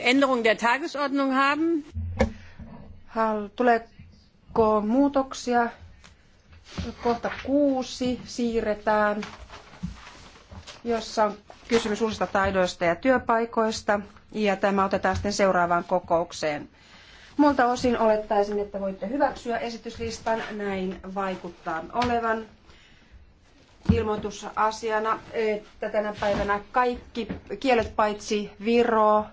Änderung der Tagesordnung haben? Tuleeko muutoksia? Kohta kuusi siirretään, jossa on kysymys uusista taidoista ja työpaikoista. Ja tämä otetaan sitten seuraavaan kokoukseen. Muilta osin olettaisin, että voitte hyväksyä esityslistan. Näin vaikuttaa olevan ilmoitusasiana, että tänä päivänä kaikki kielet paitsi Viro,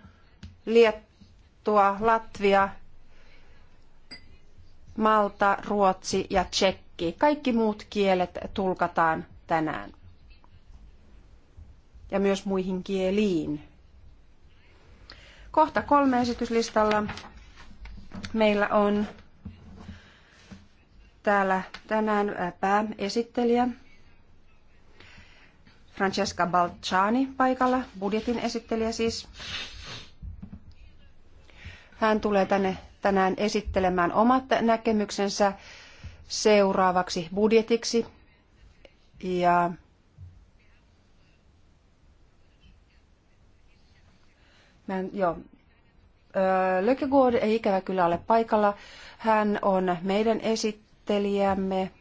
Liettua, Latvia, Malta, Ruotsi ja Tsekki. Kaikki muut kielet tulkataan tänään. Ja myös muihin kieliin. Kohta kolme esityslistalla meillä on täällä tänään pääesittelijä Francesca Balciani paikalla, budjetin esittelijä siis. Hän tulee tänne tänään esittelemään omat näkemyksensä seuraavaksi budjetiksi. Ja Mä en, joo. Lökegård ei ikävä kyllä ole paikalla. Hän on meidän esittelijämme.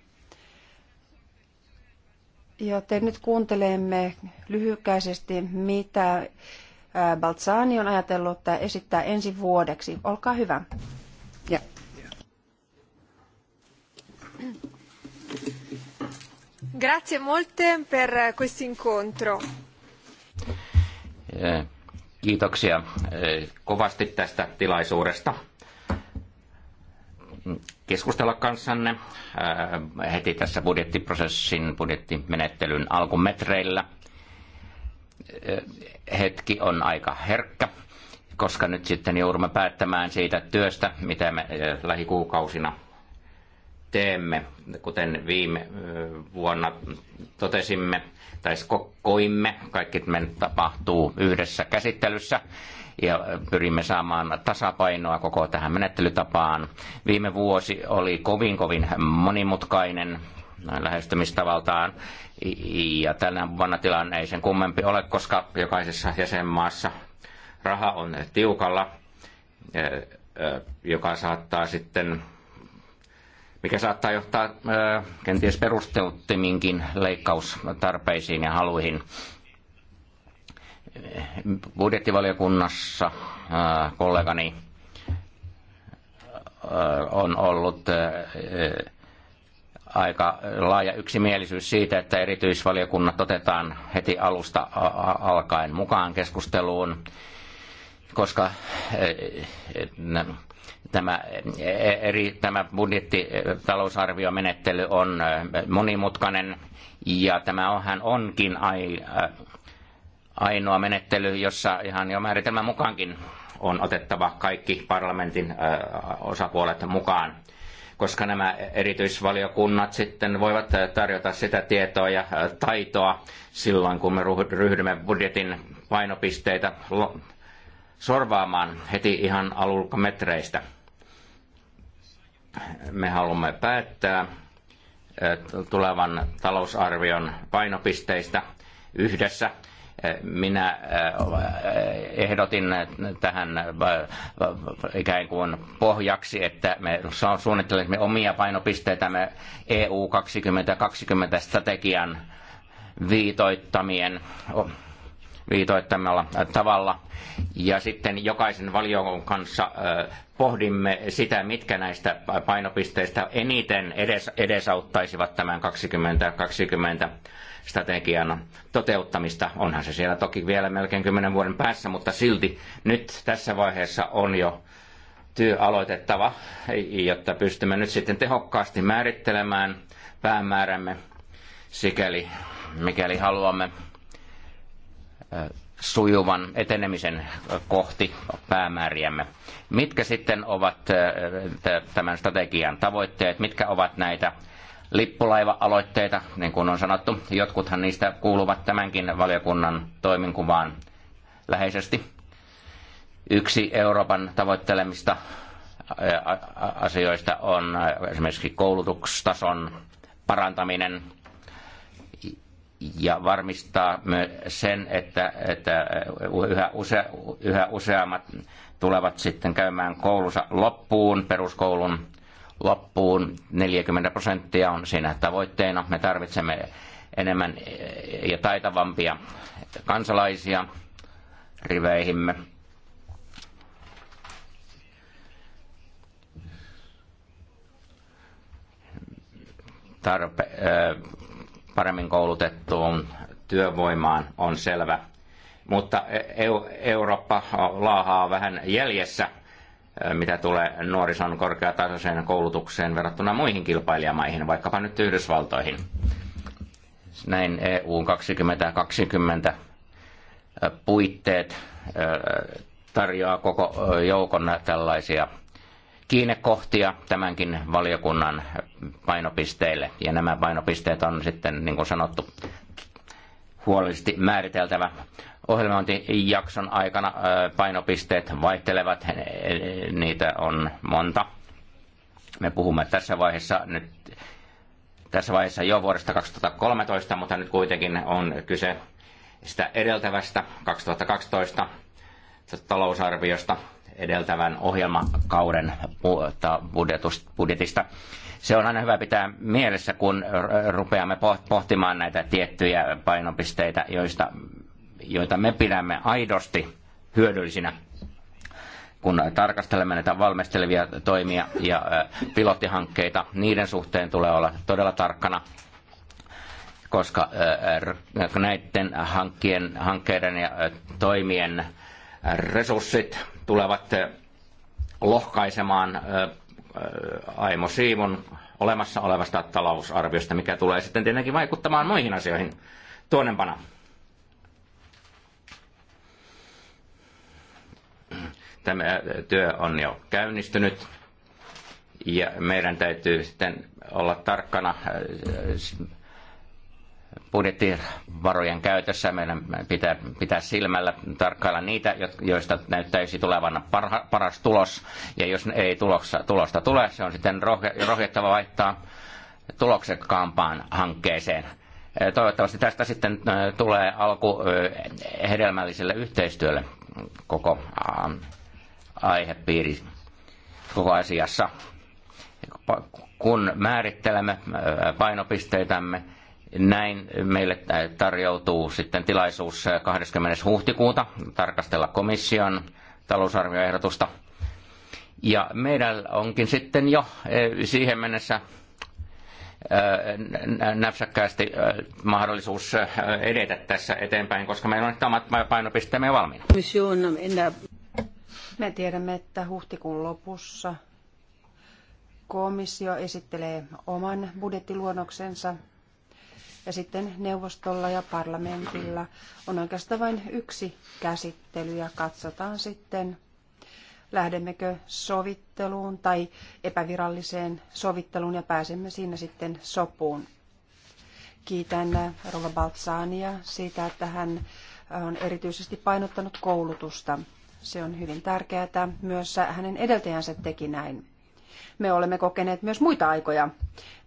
Joten nyt kuuntelemme lyhykäisesti, mitä Balzani on ajatellut esittää ensi vuodeksi. Olkaa hyvä. Ja. Grazie molte per questo incontro. Kiitoksia kovasti tästä tilaisuudesta keskustella kanssanne heti tässä budjettiprosessin, budjettimenettelyn alkumetreillä – hetki on aika herkkä, koska nyt sitten joudumme päättämään siitä työstä, mitä me lähikuukausina teemme. Kuten viime vuonna totesimme tai kokoimme, kaikki me tapahtuu yhdessä käsittelyssä ja pyrimme saamaan tasapainoa koko tähän menettelytapaan. Viime vuosi oli kovin kovin monimutkainen lähestymistavaltaan. Ja tänä vuonna tilanne ei sen kummempi ole, koska jokaisessa jäsenmaassa raha on tiukalla, eh, eh, joka saattaa sitten mikä saattaa johtaa eh, kenties perusteuttiminkin leikkaustarpeisiin ja haluihin. Budjettivaliokunnassa kollegani on ollut aika laaja yksimielisyys siitä, että erityisvaliokunnat otetaan heti alusta alkaen mukaan keskusteluun, koska eh, eh, tämä, eh, eri, tämä talousarviomenettely on monimutkainen ja tämä hän onkin ainoa menettely, jossa ihan jo määritelmän mukaankin on otettava kaikki parlamentin osapuolet mukaan koska nämä erityisvaliokunnat sitten voivat tarjota sitä tietoa ja taitoa silloin, kun me ryhdymme budjetin painopisteitä sorvaamaan heti ihan alulkometreistä. Me haluamme päättää tulevan talousarvion painopisteistä yhdessä – minä äh, ehdotin tähän äh, ikään kuin pohjaksi, että me suunnittelemme omia painopisteitämme EU 2020 strategian viitoittamien viitoittamalla tavalla. Ja sitten jokaisen valiokunnan kanssa äh, pohdimme sitä, mitkä näistä painopisteistä eniten edes, edesauttaisivat tämän 2020 strategian toteuttamista. Onhan se siellä toki vielä melkein kymmenen vuoden päässä, mutta silti nyt tässä vaiheessa on jo työ aloitettava, jotta pystymme nyt sitten tehokkaasti määrittelemään päämäärämme, sikäli mikäli haluamme sujuvan etenemisen kohti päämääriämme. Mitkä sitten ovat tämän strategian tavoitteet, mitkä ovat näitä lippulaiva-aloitteita, niin kuin on sanottu. Jotkuthan niistä kuuluvat tämänkin valiokunnan toiminkuvaan läheisesti. Yksi Euroopan tavoittelemista asioista on esimerkiksi koulutustason parantaminen ja varmistaa myös sen, että, että yhä, use, yhä useammat tulevat sitten käymään koulunsa loppuun, peruskoulun loppuun. 40 prosenttia on siinä tavoitteena. Me tarvitsemme enemmän ja taitavampia kansalaisia riveihimme. Tarpe, paremmin koulutettuun työvoimaan on selvä. Mutta e- Eurooppa laahaa vähän jäljessä mitä tulee nuorison korkeatasoiseen koulutukseen verrattuna muihin kilpailijamaihin, vaikkapa nyt Yhdysvaltoihin. Näin EU 2020 puitteet tarjoaa koko joukon tällaisia kiinnekohtia tämänkin valiokunnan painopisteille. Ja nämä painopisteet on sitten, niin kuin sanottu, huolellisesti määriteltävä ohjelmointijakson aikana painopisteet vaihtelevat, e, niitä on monta. Me puhumme tässä vaiheessa nyt tässä vaiheessa jo vuodesta 2013, mutta nyt kuitenkin on kyse sitä edeltävästä 2012 talousarviosta edeltävän ohjelmakauden budjetista. Se on aina hyvä pitää mielessä, kun rupeamme pohtimaan näitä tiettyjä painopisteitä, joista joita me pidämme aidosti hyödyllisinä kun tarkastelemme näitä valmistelevia toimia ja pilottihankkeita, niiden suhteen tulee olla todella tarkkana, koska näiden hankkien, hankkeiden ja toimien resurssit tulevat lohkaisemaan Aimo Siivun olemassa olevasta talousarviosta, mikä tulee sitten tietenkin vaikuttamaan muihin asioihin tuonempana. Tämä työ on jo käynnistynyt ja meidän täytyy sitten olla tarkkana äh, budjettivarojen käytössä. Meidän pitää pitää silmällä tarkkailla niitä, joista näyttäisi tulevan parha, paras tulos. Ja jos ei tuloksa, tulosta tule, se on sitten rohjettava vaihtaa tuloksekkaampaan hankkeeseen. Äh, toivottavasti tästä sitten äh, tulee alku hedelmälliselle yhteistyölle koko aihepiiri koko asiassa. Kun määrittelemme äh, painopisteitämme, näin meille tarjoutuu sitten tilaisuus 20. huhtikuuta tarkastella komission talousarvioehdotusta. Ja meidän onkin sitten jo äh, siihen mennessä äh, näpsäkkäästi mahdollisuus edetä tässä eteenpäin, koska meillä on omat painopisteemme valmiina. Me tiedämme, että huhtikuun lopussa komissio esittelee oman budjettiluonnoksensa ja sitten neuvostolla ja parlamentilla on oikeastaan vain yksi käsittely ja katsotaan sitten, lähdemmekö sovitteluun tai epäviralliseen sovitteluun ja pääsemme siinä sitten sopuun. Kiitän äh, Rova Baltsaania siitä, että hän äh, on erityisesti painottanut koulutusta. Se on hyvin tärkeää. että Myös hänen edeltäjänsä teki näin. Me olemme kokeneet myös muita aikoja.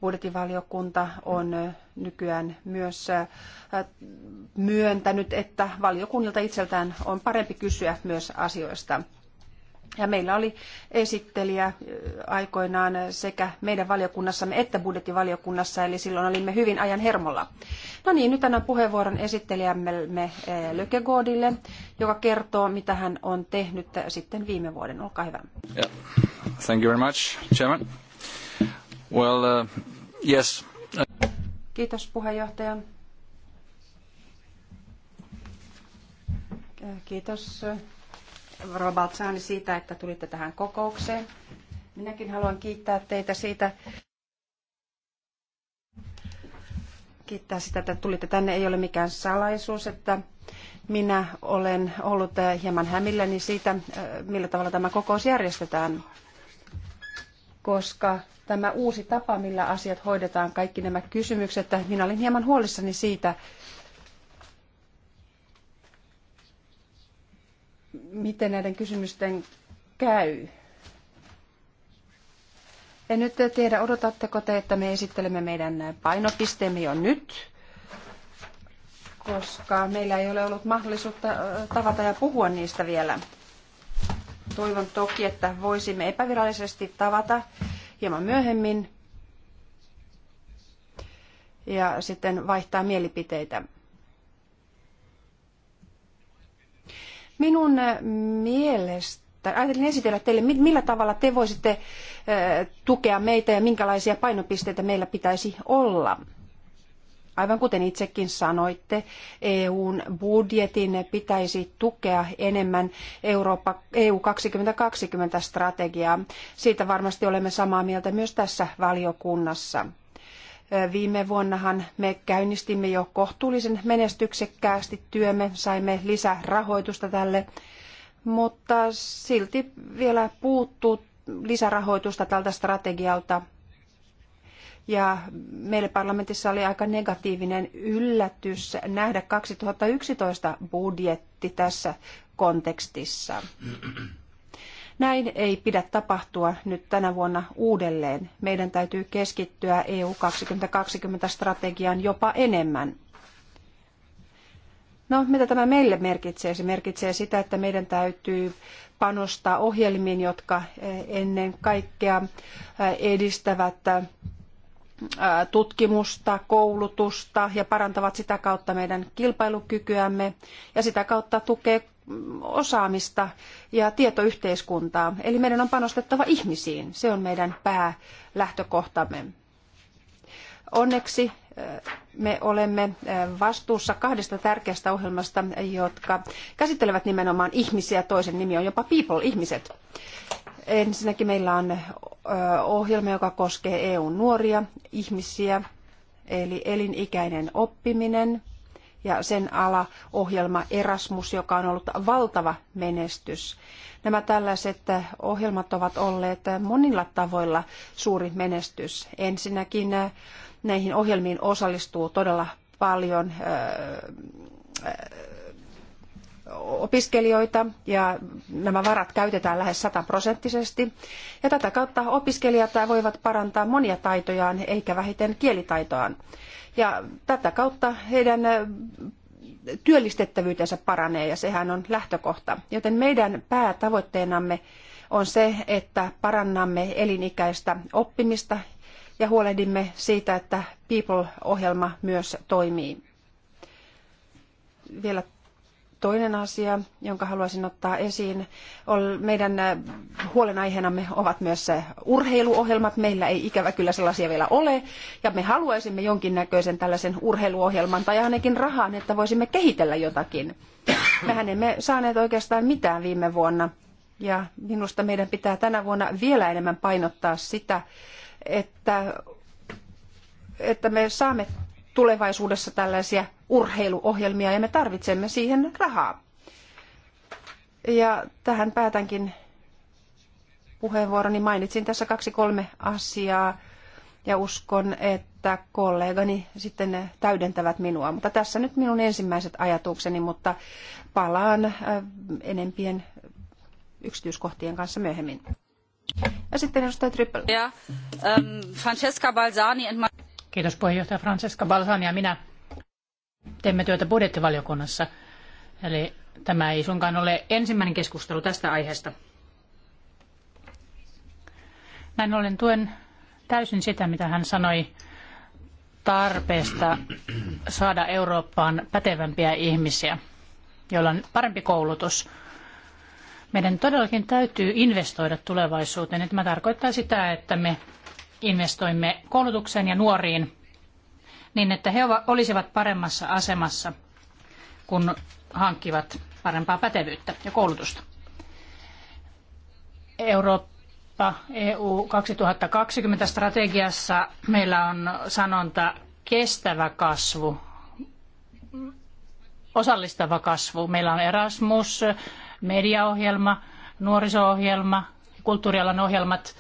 Budjetivaliokunta on nykyään myös äh, myöntänyt, että valiokunnilta itseltään on parempi kysyä myös asioista. Ja meillä oli esittelijä aikoinaan sekä meidän valiokunnassamme että budjettivaliokunnassa, eli silloin olimme hyvin ajan hermolla. No niin, nyt annan puheenvuoron esittelijämme Lökegoodille, joka kertoo, mitä hän on tehnyt sitten viime vuoden. Olkaa hyvä. Yeah. Thank you very much, Chairman. Well, uh, yes. Kiitos puheenjohtaja. Kiitos Robaltsani siitä, että tulitte tähän kokoukseen. Minäkin haluan kiittää teitä siitä, kiittää sitä, että tulitte tänne. Ei ole mikään salaisuus, että minä olen ollut eh, hieman hämilläni siitä, eh, millä tavalla tämä kokous järjestetään, koska tämä uusi tapa, millä asiat hoidetaan, kaikki nämä kysymykset, minä olin hieman huolissani siitä, miten näiden kysymysten käy. En nyt tiedä, odotatteko te, että me esittelemme meidän painopisteemme jo nyt, koska meillä ei ole ollut mahdollisuutta tavata ja puhua niistä vielä. Toivon toki, että voisimme epävirallisesti tavata hieman myöhemmin ja sitten vaihtaa mielipiteitä. Minun äh, mielestä, ajattelin esitellä teille, millä tavalla te voisitte äh, tukea meitä ja minkälaisia painopisteitä meillä pitäisi olla. Aivan kuten itsekin sanoitte, EUn budjetin pitäisi tukea enemmän Eurooppa, EU 2020 strategiaa. Siitä varmasti olemme samaa mieltä myös tässä valiokunnassa. Viime vuonnahan me käynnistimme jo kohtuullisen menestyksekkäästi työmme, saimme lisärahoitusta tälle, mutta silti vielä puuttuu lisärahoitusta tältä strategialta. Ja meille parlamentissa oli aika negatiivinen yllätys nähdä 2011 budjetti tässä kontekstissa. Näin ei pidä tapahtua nyt tänä vuonna uudelleen. Meidän täytyy keskittyä EU 2020-strategiaan jopa enemmän. No, mitä tämä meille merkitsee? Se merkitsee sitä, että meidän täytyy panostaa ohjelmiin, jotka eh, ennen kaikkea eh, edistävät eh, tutkimusta, koulutusta ja parantavat sitä kautta meidän kilpailukykyämme ja sitä kautta tukee osaamista ja tietoyhteiskuntaa. Eli meidän on panostettava ihmisiin. Se on meidän päälähtökohtamme. Onneksi eh, me olemme eh, vastuussa kahdesta tärkeästä ohjelmasta, jotka käsittelevät nimenomaan ihmisiä. Toisen nimi on jopa People, ihmiset. Ensinnäkin meillä on eh, ohjelma, joka koskee EUn nuoria ihmisiä, eli elinikäinen oppiminen ja sen ala ohjelma Erasmus, joka on ollut valtava menestys. Nämä tällaiset ohjelmat ovat olleet monilla tavoilla suuri menestys. Ensinnäkin eh, näihin ohjelmiin osallistuu todella paljon eh, eh, opiskelijoita ja nämä varat käytetään lähes sataprosenttisesti. Ja tätä kautta opiskelijat voivat parantaa monia taitojaan eikä vähiten kielitaitoaan. Ja tätä kautta heidän työllistettävyytensä paranee ja sehän on lähtökohta. Joten meidän päätavoitteenamme on se, että parannamme elinikäistä oppimista ja huolehdimme siitä, että People-ohjelma myös toimii. Vielä Toinen asia, jonka haluaisin ottaa esiin, on meidän äh, huolenaiheenamme ovat myös äh, urheiluohjelmat. Meillä ei ikävä kyllä sellaisia vielä ole, ja me haluaisimme jonkinnäköisen tällaisen urheiluohjelman tai ainakin rahan, että voisimme kehitellä jotakin. Mehän emme saaneet oikeastaan mitään viime vuonna, ja minusta meidän pitää tänä vuonna vielä enemmän painottaa sitä, että, että me saamme tulevaisuudessa tällaisia urheiluohjelmia ja me tarvitsemme siihen rahaa. Ja tähän päätänkin puheenvuoroni. Mainitsin tässä kaksi kolme asiaa ja uskon, että kollegani sitten täydentävät minua. Mutta tässä nyt minun ensimmäiset ajatukseni, mutta palaan äh, enempien yksityiskohtien kanssa myöhemmin. Ja sitten edustaja Trippel. Ja, ähm, Francesca Balzani. Kiitos puheenjohtaja Francesca Balzani ja minä teemme työtä budjettivaliokunnassa. Eli tämä ei suinkaan ole ensimmäinen keskustelu tästä aiheesta. Näin ollen tuen täysin sitä, mitä hän sanoi tarpeesta saada Eurooppaan pätevämpiä ihmisiä, joilla on parempi koulutus. Meidän todellakin täytyy investoida tulevaisuuteen. Tämä tarkoittaa sitä, että me investoimme koulutukseen ja nuoriin niin että he olisivat paremmassa asemassa, kun hankkivat parempaa pätevyyttä ja koulutusta. Eurooppa EU 2020 strategiassa meillä on sanonta kestävä kasvu, osallistava kasvu. Meillä on Erasmus, mediaohjelma, nuoriso-ohjelma, kulttuurialan ohjelmat.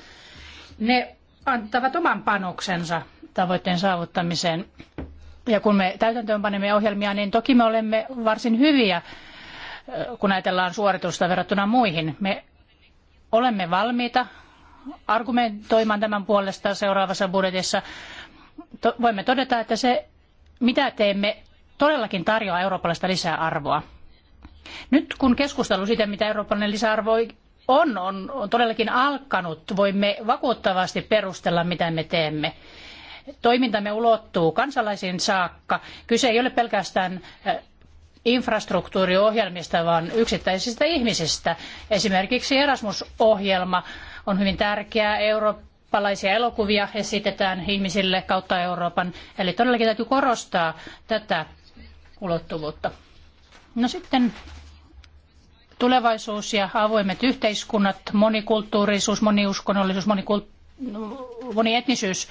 Ne antavat oman panoksensa tavoitteen saavuttamiseen. Ja kun me täytäntöönpanemme ohjelmia, niin toki me olemme varsin hyviä, kun ajatellaan suoritusta verrattuna muihin. Me olemme valmiita argumentoimaan tämän puolesta seuraavassa budjetissa. voimme todeta, että se, mitä teemme, todellakin tarjoaa eurooppalaista lisäarvoa. Nyt kun keskustelu siitä, mitä eurooppalainen lisäarvo on, on, on todellakin alkanut, voimme vakuuttavasti perustella, mitä me teemme toimintamme ulottuu kansalaisiin saakka. Kyse ei ole pelkästään äh, infrastruktuuriohjelmista, vaan yksittäisistä ihmisistä. Esimerkiksi Erasmus-ohjelma on hyvin tärkeä. Eurooppalaisia elokuvia esitetään ihmisille kautta Euroopan. Eli todellakin täytyy korostaa tätä ulottuvuutta. No sitten tulevaisuus ja avoimet yhteiskunnat, monikulttuurisuus, moniuskonnollisuus, monikult... monietnisyys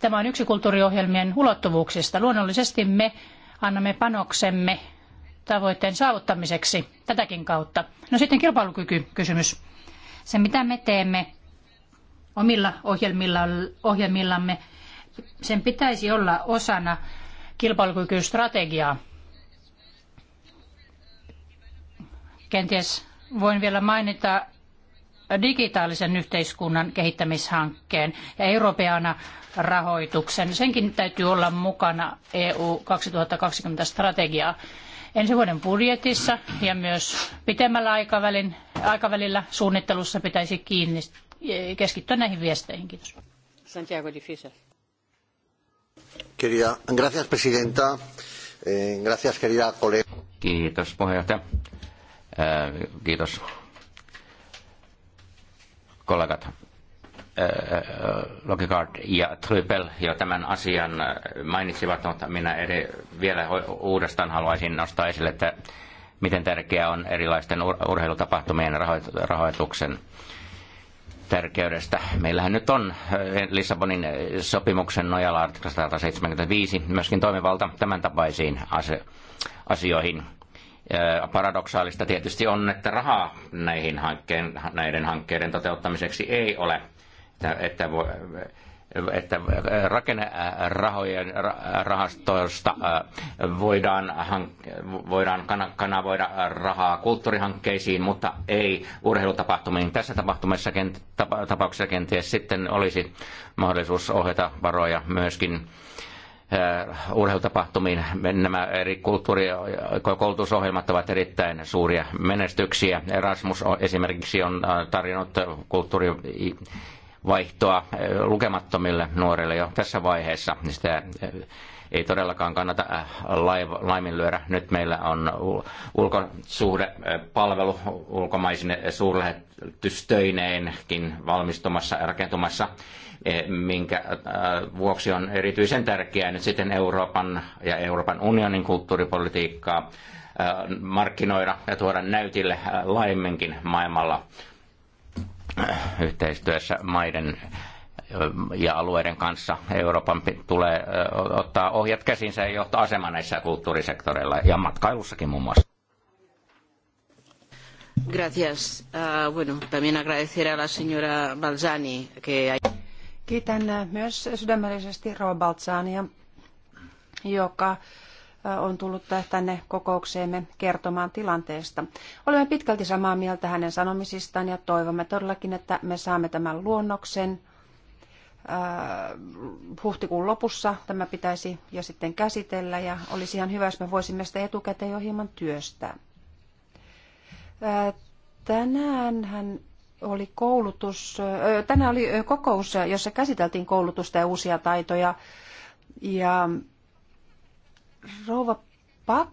Tämä on yksi kulttuuriohjelmien ulottuvuuksista. Luonnollisesti me annamme panoksemme tavoitteen saavuttamiseksi tätäkin kautta. No sitten kilpailukykykysymys. Se mitä me teemme omilla ohjelmilla, ohjelmillamme, sen pitäisi olla osana kilpailukykystrategiaa. Kenties voin vielä mainita digitaalisen yhteiskunnan kehittämishankkeen ja europeana rahoituksen. Senkin täytyy olla mukana EU 2020 strategiaa. Ensi vuoden budjetissa ja myös pitemmällä aikavälin, aikavälillä suunnittelussa pitäisi kiinni, keskittyä näihin viesteihin. Kiitos. Santiago Difícil. Querida, gracias presidenta. Eh, gracias querida colega. Kiitos puheenjohtaja. Eh, kiitos kollegat äh, äh, Lokigaard ja Trypel jo tämän asian äh, mainitsivat, mutta minä eri, vielä uudestaan haluaisin nostaa esille, että miten tärkeää on erilaisten urheilutapahtumien rahoituksen tärkeydestä. Meillähän nyt on Lissabonin sopimuksen nojalla artiklasta 175 myöskin toimivalta tämän tapaisiin asioihin Paradoksaalista tietysti on, että rahaa näihin hankkeen, näiden hankkeiden toteuttamiseksi ei ole. Että, että, että rakennerahojen rahastoista voidaan, voidaan kanavoida rahaa kulttuurihankkeisiin, mutta ei urheilutapahtumiin. Tässä tapahtumassa tapauksessa kenties sitten olisi mahdollisuus ohjata varoja myöskin Äh, urheilutapahtumiin. Nämä eri kulttuuri- ja koulutusohjelmat ovat erittäin suuria menestyksiä. Erasmus esimerkiksi on äh, tarjonnut kulttuurivaihtoa äh, lukemattomille nuorille jo tässä vaiheessa. Sitä ei todellakaan kannata äh, laiminlyödä. Nyt meillä on ulkosuhdepalvelu ulkomaisine suurlähetystöineenkin valmistumassa ja rakentumassa e, minkä äh, vuoksi on erityisen tärkeää nyt sitten Euroopan ja Euroopan unionin kulttuuripolitiikkaa äh, markkinoida ja tuoda näytille laajemminkin maailmalla yhteistyössä maiden ja alueiden kanssa Euroopan tulee ottaa ohjat käsinsä ja johtaa asema näissä kulttuurisektoreilla ja matkailussakin muun muassa. Gracias. Uh, bueno, también agradecer a la señora Balzani que hay... Kiitän äh, myös sydämellisesti Rova Balzania, joka äh, on tullut tänne kokoukseemme kertomaan tilanteesta. Olemme pitkälti samaa mieltä hänen sanomisistaan ja toivomme todellakin, että me saamme tämän luonnoksen huhtikuun lopussa tämä pitäisi jo sitten käsitellä ja olisi ihan hyvä, jos me voisimme sitä etukäteen jo hieman työstää. Tänään hän oli koulutus, tänään oli kokous, jossa käsiteltiin koulutusta ja uusia taitoja. Ja rouva Pak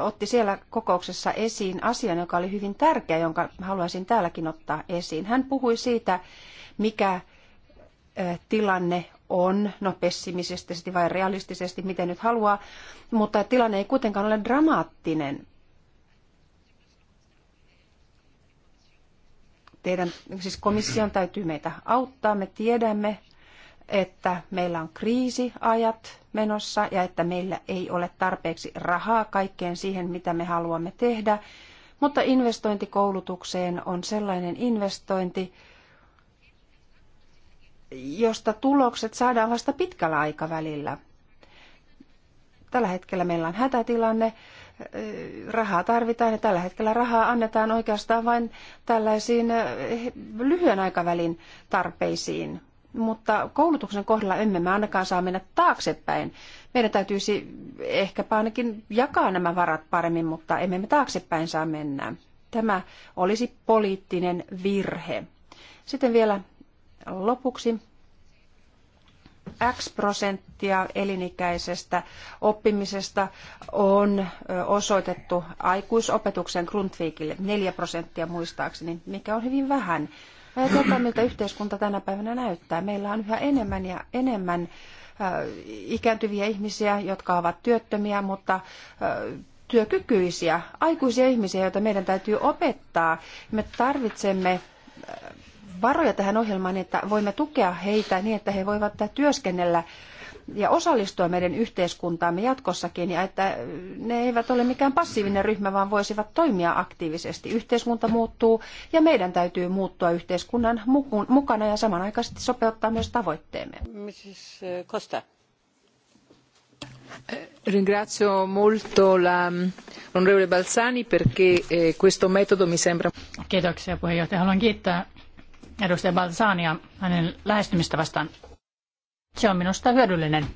otti siellä kokouksessa esiin asian, joka oli hyvin tärkeä, jonka haluaisin täälläkin ottaa esiin. Hän puhui siitä, mikä tilanne on, no pessimisesti vai realistisesti, miten nyt haluaa, mutta tilanne ei kuitenkaan ole dramaattinen. Teidän, siis komission täytyy meitä auttaa, me tiedämme, että meillä on kriisiajat menossa ja että meillä ei ole tarpeeksi rahaa kaikkeen siihen, mitä me haluamme tehdä. Mutta investointikoulutukseen on sellainen investointi, josta tulokset saadaan vasta pitkällä aikavälillä. Tällä hetkellä meillä on hätätilanne, äh, rahaa tarvitaan ja tällä hetkellä rahaa annetaan oikeastaan vain tällaisiin äh, lyhyen aikavälin tarpeisiin. Mutta koulutuksen kohdalla emme me ainakaan saa mennä taaksepäin. Meidän täytyisi ehkäpä ainakin jakaa nämä varat paremmin, mutta emme me taaksepäin saa mennä. Tämä olisi poliittinen virhe. Sitten vielä lopuksi X prosenttia elinikäisestä oppimisesta on osoitettu aikuisopetuksen Grundtvigille, 4 prosenttia muistaakseni, mikä on hyvin vähän. Ajatellaan, miltä yhteiskunta tänä päivänä näyttää. Meillä on yhä enemmän ja enemmän ikääntyviä ihmisiä, jotka ovat työttömiä, mutta työkykyisiä, aikuisia ihmisiä, joita meidän täytyy opettaa. Me tarvitsemme varoja tähän ohjelmaan, niin että voimme tukea heitä niin, että he voivat työskennellä ja osallistua meidän yhteiskuntaamme jatkossakin ja että ne eivät ole mikään passiivinen ryhmä, vaan voisivat toimia aktiivisesti. Yhteiskunta muuttuu ja meidän täytyy muuttua yhteiskunnan mukana ja samanaikaisesti sopeuttaa myös tavoitteemme. Mrs. Eh, Costa. Eh, ringrazio molto mm, onorevole Balsani perché eh, questo metodo mi sembra... Kiitoksia puheenjohtaja. Haluan kiittää edustaja Balsania hänen lähestymistä vastaan. Se on minusta hyödyllinen.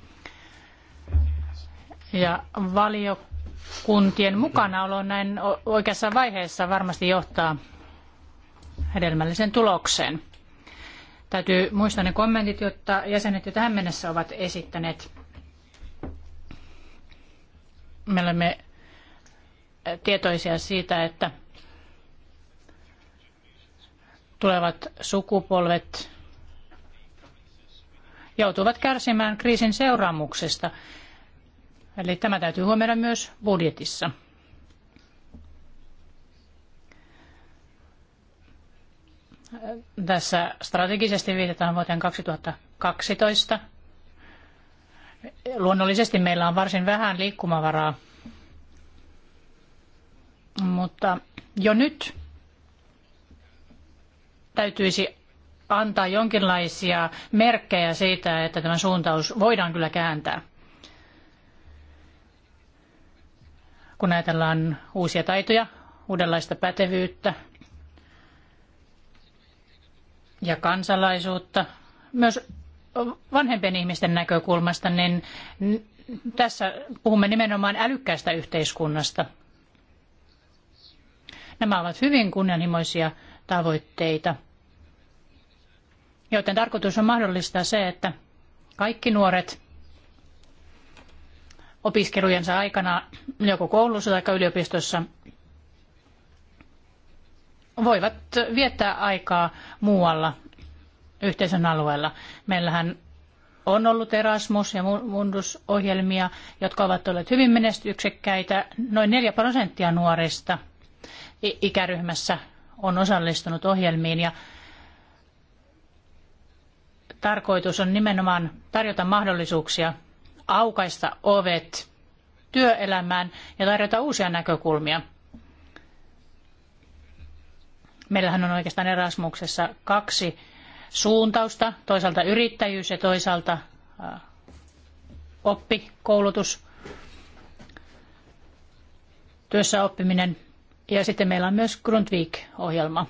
Ja valiokuntien mukanaolo näin oikeassa vaiheessa varmasti johtaa hedelmälliseen tulokseen. Täytyy muistaa ne kommentit, jotta jäsenet jo tähän mennessä ovat esittäneet. Me olemme tietoisia siitä, että tulevat sukupolvet joutuvat kärsimään kriisin seuraamuksesta. Eli tämä täytyy huomioida myös budjetissa. Tässä strategisesti viitataan vuoteen 2012. Luonnollisesti meillä on varsin vähän liikkumavaraa, mutta jo nyt täytyisi antaa jonkinlaisia merkkejä siitä, että tämä suuntaus voidaan kyllä kääntää. Kun ajatellaan uusia taitoja, uudenlaista pätevyyttä ja kansalaisuutta, myös vanhempien ihmisten näkökulmasta, niin tässä puhumme nimenomaan älykkäästä yhteiskunnasta. Nämä ovat hyvin kunnianhimoisia tavoitteita, joten tarkoitus on mahdollistaa se, että kaikki nuoret opiskelujensa aikana joko koulussa tai yliopistossa voivat viettää aikaa muualla yhteisön alueella. Meillähän on ollut Erasmus- ja Mundus-ohjelmia, jotka ovat olleet hyvin menestyksekkäitä. Noin 4 prosenttia nuorista ikäryhmässä on osallistunut ohjelmiin ja tarkoitus on nimenomaan tarjota mahdollisuuksia aukaista ovet työelämään ja tarjota uusia näkökulmia. Meillähän on oikeastaan Erasmuksessa kaksi suuntausta, toisaalta yrittäjyys ja toisaalta oppi, koulutus, työssä oppiminen – ja sitten meillä on myös Grundvik-ohjelma.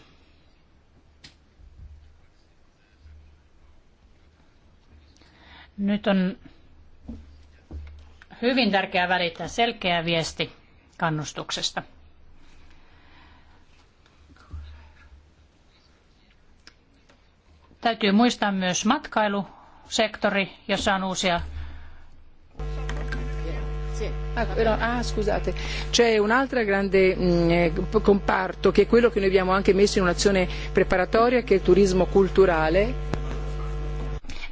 Nyt on hyvin tärkeää välittää selkeä viesti kannustuksesta. Täytyy muistaa myös matkailusektori, jossa on uusia Ah, però, ah scusate, c'è un altro grande mh, mm, eh, comparto che è quello che noi abbiamo anche messo in un'azione preparatoria che è il turismo culturale.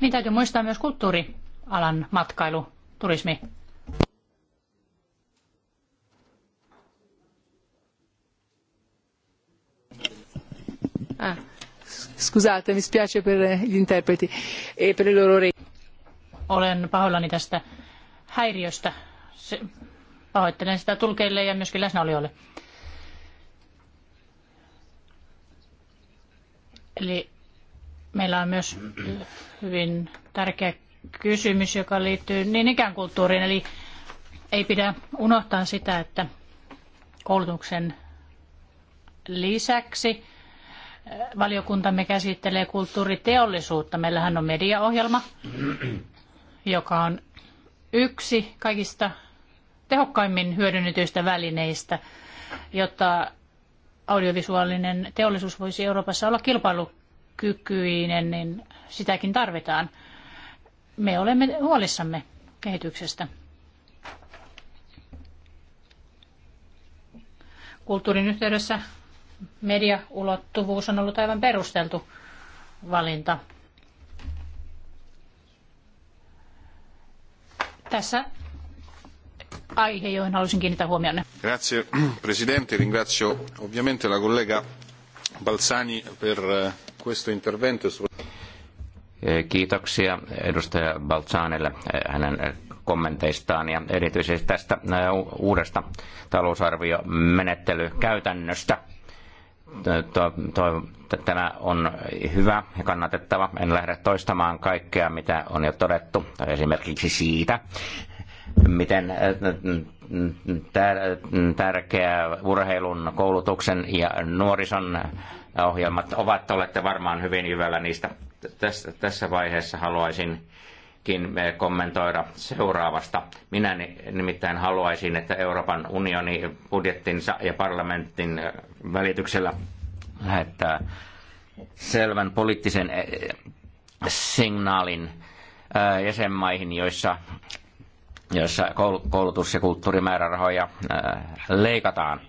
Niin täytyy muistaa myös kulttuurialan matkailu, turismi. Ah, scusate, mi spiace per eh, gli interpreti e per le loro reti. Olen pahoillani tästä häiriöstä se, pahoittelen sitä tulkeille ja myöskin läsnäolijoille. Eli meillä on myös hyvin tärkeä kysymys, joka liittyy niin ikään kulttuuriin. Eli ei pidä unohtaa sitä, että koulutuksen lisäksi eh, valiokuntamme käsittelee kulttuuriteollisuutta. Meillähän on mediaohjelma, joka on yksi kaikista tehokkaimmin hyödynnetyistä välineistä, jotta audiovisuaalinen teollisuus voisi Euroopassa olla kilpailukykyinen, niin sitäkin tarvitaan. Me olemme huolissamme kehityksestä. Kulttuurin yhteydessä mediaulottuvuus on ollut aivan perusteltu valinta. Tässä aihe, johon halusin kiinnittää huomionne. Grazie Presidente, ringrazio ovviamente la collega Balzani per eh, questo intervento. E eh, kiitoksia edustaja Balzanille eh, hänen kommenteistaan ja erityisesti tästä uudesta talousarviomenettelykäytännöstä. Tämä on hyvä ja kannatettava. En lähde toistamaan kaikkea, mitä on jo todettu, esimerkiksi siitä, miten äh, tärkeää urheilun, koulutuksen ja nuorison ohjelmat ovat. Olette varmaan hyvin hyvällä niistä. Tässä, vaiheessa haluaisinkin äh, kommentoida seuraavasta. Minä nimittäin haluaisin, että Euroopan unioni budjettinsa ja parlamentin äh, välityksellä lähettää selvän poliittisen signaalin jäsenmaihin, joissa jossa koulutus- ja kulttuurimäärärahoja äh, leikataan.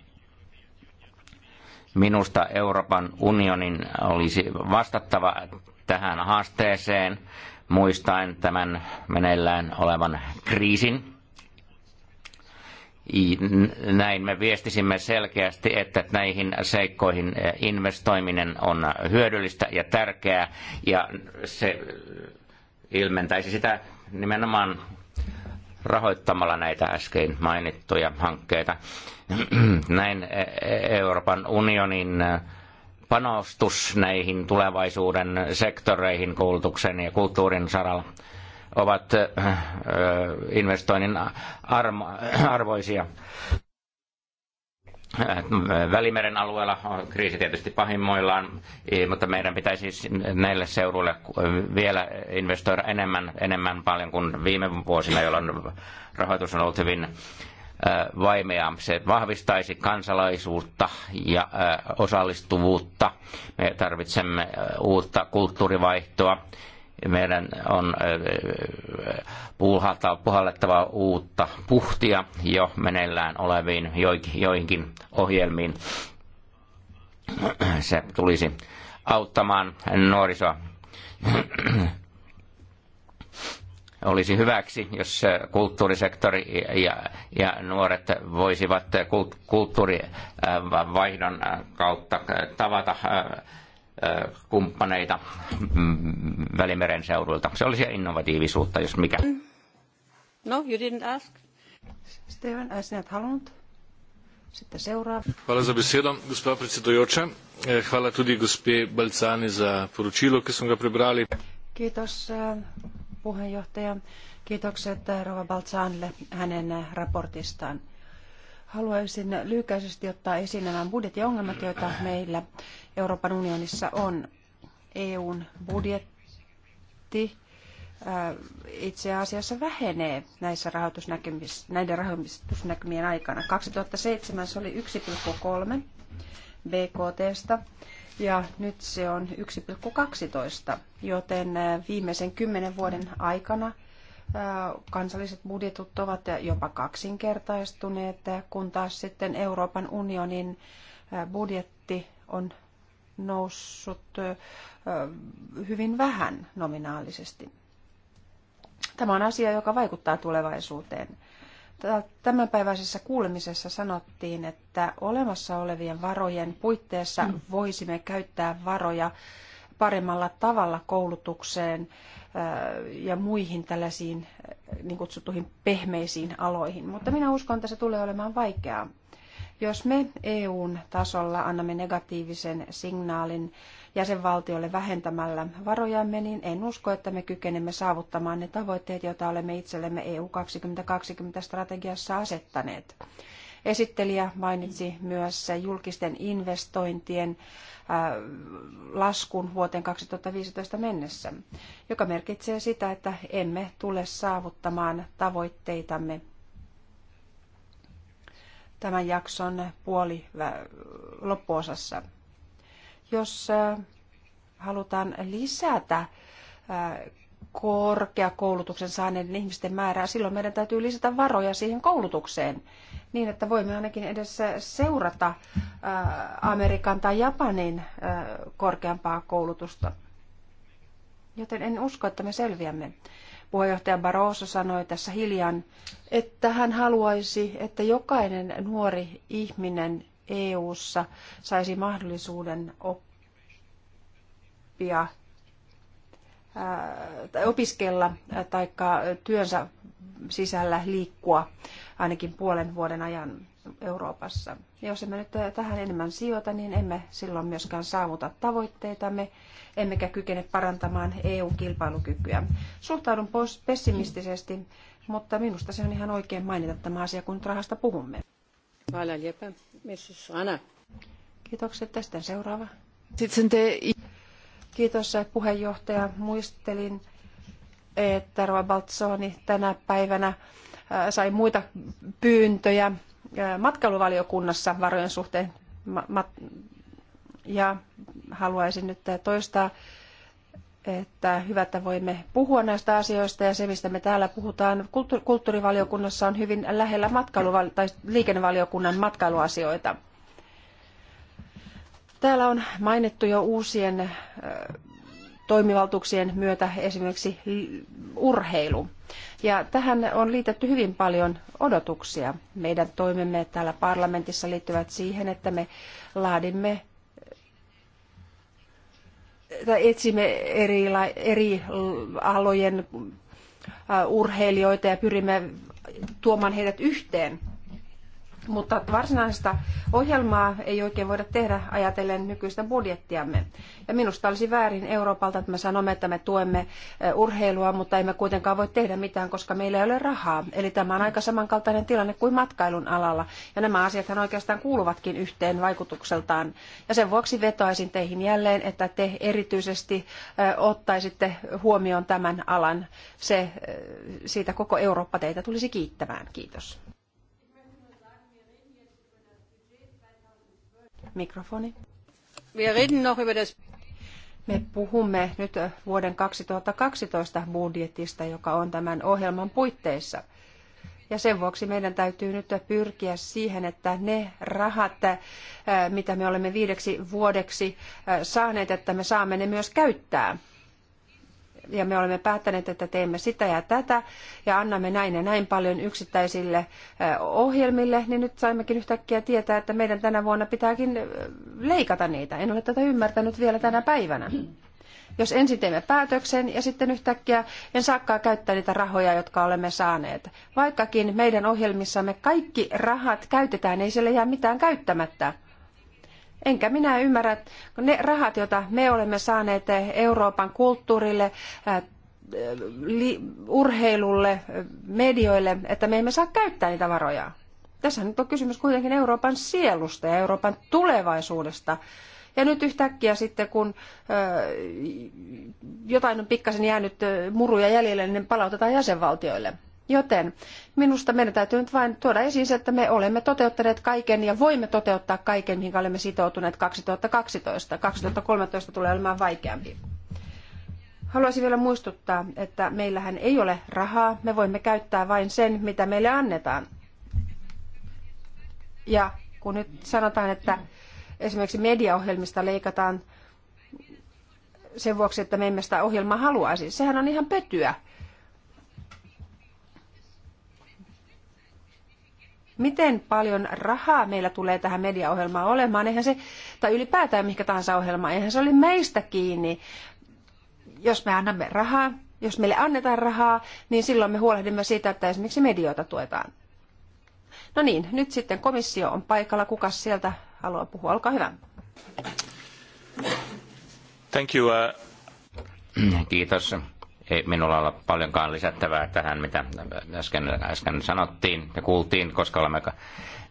Minusta Euroopan unionin olisi vastattava tähän haasteeseen muistaen tämän meneillään olevan kriisin. Näin me viestisimme selkeästi, että näihin seikkoihin äh, investoiminen on hyödyllistä ja tärkeää, ja se ilmentäisi sitä nimenomaan rahoittamalla näitä äsken mainittuja hankkeita. Näin e-, e-, Euroopan unionin äh, panostus näihin tulevaisuuden sektoreihin koulutuksen ja kulttuurin saralla ovat äh, äh, investoinnin arvoisia. Äh, no, Välimeren alueella on kriisi tietysti pahimmoillaan, mutta meidän pitäisi siis näille seuduille vielä investoida enemmän, enemmän paljon kuin viime vuosina, jolloin rahoitus on ollut hyvin vaimea. Se vahvistaisi kansalaisuutta ja osallistuvuutta. Me tarvitsemme uutta kulttuurivaihtoa meidän on puhallettava uutta puhtia jo meneillään oleviin joihinkin ohjelmiin. Se tulisi auttamaan nuorisoa. Olisi hyväksi, jos kulttuurisektori ja, ja nuoret voisivat kulttuurivaihdon kautta tavata kumppaneita mm, Välimeren seudulta. Se olisi innovatiivisuutta, jos mikä. No, you didn't ask. Steven, äh, sinä et halunnut. Sitten seuraava. Hvala za besedo, gospa predsedojoče. Hvala tudi gospe Balcani za poručilo, ki smo ga prebrali. Kiitos e, puheenjohtaja. Kiitokset e, Rova Baltsaanille hänen raportistaan. Haluaisin lyhykäisesti ottaa esiin nämä budjettiongelmat, joita meillä Euroopan unionissa on. EUn budjetti äh, itse asiassa vähenee näissä rahoitusnäkymis, näiden rahoitusnäkymien aikana. 2007 se oli 1,3 BKTstä ja nyt se on 1,12, joten äh, viimeisen kymmenen vuoden aikana kansalliset budjetit ovat jopa kaksinkertaistuneet, kun taas sitten Euroopan unionin budjetti on noussut hyvin vähän nominaalisesti. Tämä on asia, joka vaikuttaa tulevaisuuteen. Tämänpäiväisessä kuulemisessa sanottiin, että olemassa olevien varojen puitteissa mm. voisimme käyttää varoja paremmalla tavalla koulutukseen, ja muihin tällaisiin niin kutsuttuihin pehmeisiin aloihin. Mutta minä uskon, että se tulee olemaan vaikeaa. Jos me EUn tasolla annamme negatiivisen signaalin jäsenvaltiolle vähentämällä varojamme, niin en usko, että me kykenemme saavuttamaan ne tavoitteet, joita olemme itsellemme EU 2020 strategiassa asettaneet. Esittelijä mainitsi myös julkisten investointien äh, laskun vuoteen 2015 mennessä, joka merkitsee sitä, että emme tule saavuttamaan tavoitteitamme tämän jakson puoli äh, loppuosassa. Jos äh, halutaan lisätä korkeakoulutuksen saaneiden ihmisten määrää, silloin meidän täytyy lisätä varoja siihen koulutukseen niin, että voimme ainakin edes seurata äh, Amerikan tai Japanin äh, korkeampaa koulutusta. Joten en usko, että me selviämme. Puheenjohtaja Barroso sanoi tässä hiljan, että hän haluaisi, että jokainen nuori ihminen EU:ssa saisi mahdollisuuden oppia äh, tai opiskella tai työnsä sisällä liikkua ainakin puolen vuoden ajan Euroopassa. Ja jos emme nyt tähän enemmän sijoita, niin emme silloin myöskään saavuta tavoitteitamme, emmekä kykene parantamaan EU-kilpailukykyä. Suhtaudun pois pessimistisesti, mutta minusta se on ihan oikein mainita tämä asia, kun nyt rahasta puhumme. Kiitoksia. Tästä seuraava. Kiitos puheenjohtaja. Muistelin, että Rova Baltzoni tänä päivänä sai muita pyyntöjä matkailuvaliokunnassa varojen suhteen. Ja haluaisin nyt toistaa, että hyvä, että voimme puhua näistä asioista ja se, mistä me täällä puhutaan kulttuurivaliokunnassa on hyvin lähellä matkailu- tai liikennevaliokunnan matkailuasioita. Täällä on mainittu jo uusien toimivaltuuksien myötä esimerkiksi urheilu. Ja tähän on liitetty hyvin paljon odotuksia. Meidän toimemme täällä parlamentissa liittyvät siihen, että me laadimme tai etsimme eri, eri alojen urheilijoita ja pyrimme tuomaan heidät yhteen mutta varsinaista ohjelmaa ei oikein voida tehdä ajatellen nykyistä budjettiamme. Ja minusta olisi väärin Euroopalta, että me sanomme, että me tuemme urheilua, mutta emme kuitenkaan voi tehdä mitään, koska meillä ei ole rahaa. Eli tämä on aika samankaltainen tilanne kuin matkailun alalla. Ja nämä asiathan oikeastaan kuuluvatkin yhteen vaikutukseltaan. Ja sen vuoksi vetoaisin teihin jälleen, että te erityisesti ottaisitte huomioon tämän alan. Se, siitä koko Eurooppa teitä tulisi kiittämään. Kiitos. Mikrofoni. Me puhumme nyt vuoden 2012 budjetista, joka on tämän ohjelman puitteissa. Ja sen vuoksi meidän täytyy nyt pyrkiä siihen, että ne rahat, mitä me olemme viideksi vuodeksi saaneet, että me saamme ne myös käyttää ja me olemme päättäneet, että teemme sitä ja tätä ja annamme näin ja näin paljon yksittäisille ohjelmille, niin nyt saimmekin yhtäkkiä tietää, että meidän tänä vuonna pitääkin leikata niitä. En ole tätä ymmärtänyt vielä tänä päivänä. Jos ensin teemme päätöksen ja sitten yhtäkkiä en saakkaa käyttää niitä rahoja, jotka olemme saaneet. Vaikkakin meidän ohjelmissamme kaikki rahat käytetään, ei siellä jää mitään käyttämättä Enkä minä ymmärrä, kun ne rahat, joita me olemme saaneet eh, Euroopan kulttuurille, eh, urheilulle, eh, medioille, että me emme saa käyttää niitä varoja. Tässä nyt on kysymys kuitenkin Euroopan sielusta ja Euroopan tulevaisuudesta. Ja nyt yhtäkkiä sitten, kun jotain on pikkasen jäänyt muruja jäljelle, niin ne palautetaan jäsenvaltioille. Joten minusta meidän täytyy nyt vain tuoda esiin se, että me olemme toteuttaneet kaiken ja voimme toteuttaa kaiken, mihin olemme sitoutuneet 2012. 2013 tulee olemaan vaikeampi. Haluaisin vielä muistuttaa, että meillähän ei ole rahaa, me voimme käyttää vain sen, mitä meille annetaan. Ja kun nyt sanotaan, että esimerkiksi mediaohjelmista leikataan sen vuoksi, että me emme sitä ohjelmaa haluaisi, sehän on ihan pötyä. miten paljon rahaa meillä tulee tähän mediaohjelmaan olemaan, eihän se, tai ylipäätään mikä tahansa ohjelma, eihän se ole meistä kiinni. Jos me annamme rahaa, jos meille annetaan rahaa, niin silloin me huolehdimme siitä, että esimerkiksi medioita tuetaan. No niin, nyt sitten komissio on paikalla. Kuka sieltä haluaa puhua? Olkaa hyvä. Thank you. Uh, Kiitos ei minulla ole paljonkaan lisättävää tähän, mitä äsken, äsken sanottiin ja kuultiin, koska olemme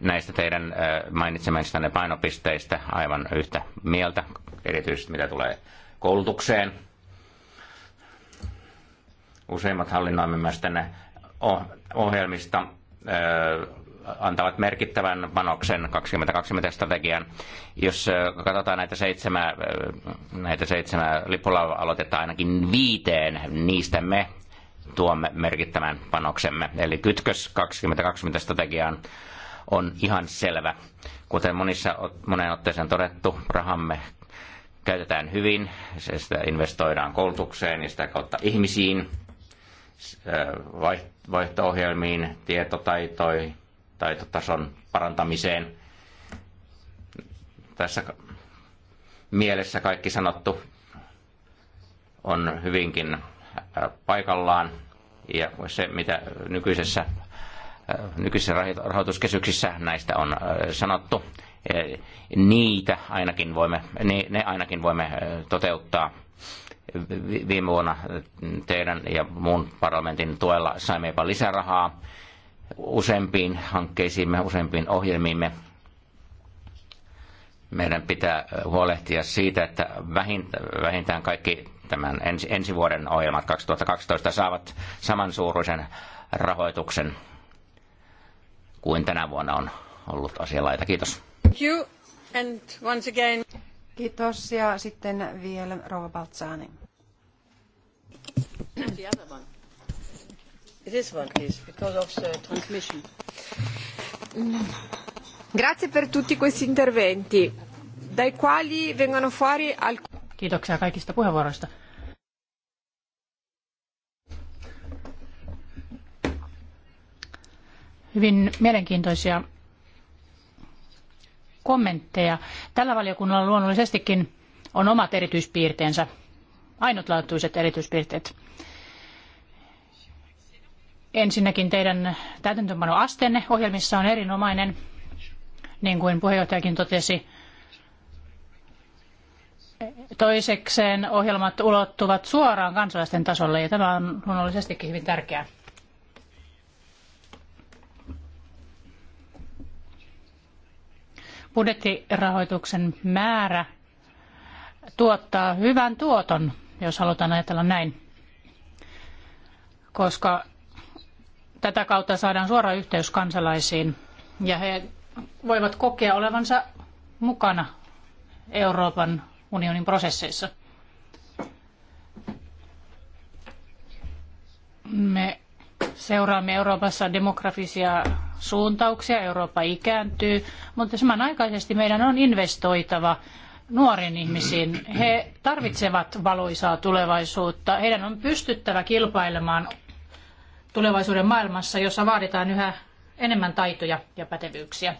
näistä teidän äh, mainitsemistanne painopisteistä aivan yhtä mieltä, erityisesti mitä tulee koulutukseen. Useimmat hallinnoimme myös tänne ohjelmista äh, antavat merkittävän panoksen 2020-strategian. Jos äh, katsotaan näitä seitsemää, äh, näitä seitsemää lipulla aloitetaan ainakin viiteen, niistä me tuomme merkittävän panoksemme. Eli kytkös 2020-strategiaan on ihan selvä. Kuten monissa, moneen otteeseen todettu, rahamme käytetään hyvin, se sitä investoidaan koulutukseen ja sitä kautta ihmisiin, äh, vaihto-ohjelmiin, tietotaitoihin, taitotason parantamiseen. Tässä mielessä kaikki sanottu on hyvinkin äh, paikallaan ja se, mitä nykyisessä, äh, nykyisessä rahoituskesyksissä näistä on äh, sanottu, niitä ainakin voimme, ne ainakin voimme toteuttaa. Viime vuonna teidän ja muun parlamentin tuella saimme jopa lisärahaa useimpiin hankkeisiimme, useimpiin ohjelmiimme. Meidän pitää huolehtia siitä, että vähintään kaikki tämän ensi vuoden ohjelmat 2012 saavat samansuuruisen rahoituksen kuin tänä vuonna on ollut asialaita. Kiitos. Kiitos ja sitten vielä Rova Baltsaani. The other one. Grazie per tutti questi interventi, dai quali vengono fuori alcuni... Hyvin mielenkiintoisia kommentteja. Tällä valiokunnalla luonnollisestikin on omat erityispiirteensä, ainutlaatuiset erityispiirteet. Ensinnäkin teidän täytäntöönpanoasteenne ohjelmissa on erinomainen, niin kuin puheenjohtajakin totesi. Toisekseen ohjelmat ulottuvat suoraan kansalaisten tasolle ja tämä on luonnollisestikin hyvin tärkeää. Budjettirahoituksen määrä tuottaa hyvän tuoton, jos halutaan ajatella näin, koska Tätä kautta saadaan suora yhteys kansalaisiin ja he voivat kokea olevansa mukana Euroopan unionin prosesseissa. Me seuraamme Euroopassa demografisia suuntauksia, Eurooppa ikääntyy, mutta samanaikaisesti meidän on investoitava nuoriin ihmisiin. He tarvitsevat valoisaa tulevaisuutta. Heidän on pystyttävä kilpailemaan tulevaisuuden maailmassa, jossa vaaditaan yhä enemmän taitoja ja pätevyyksiä.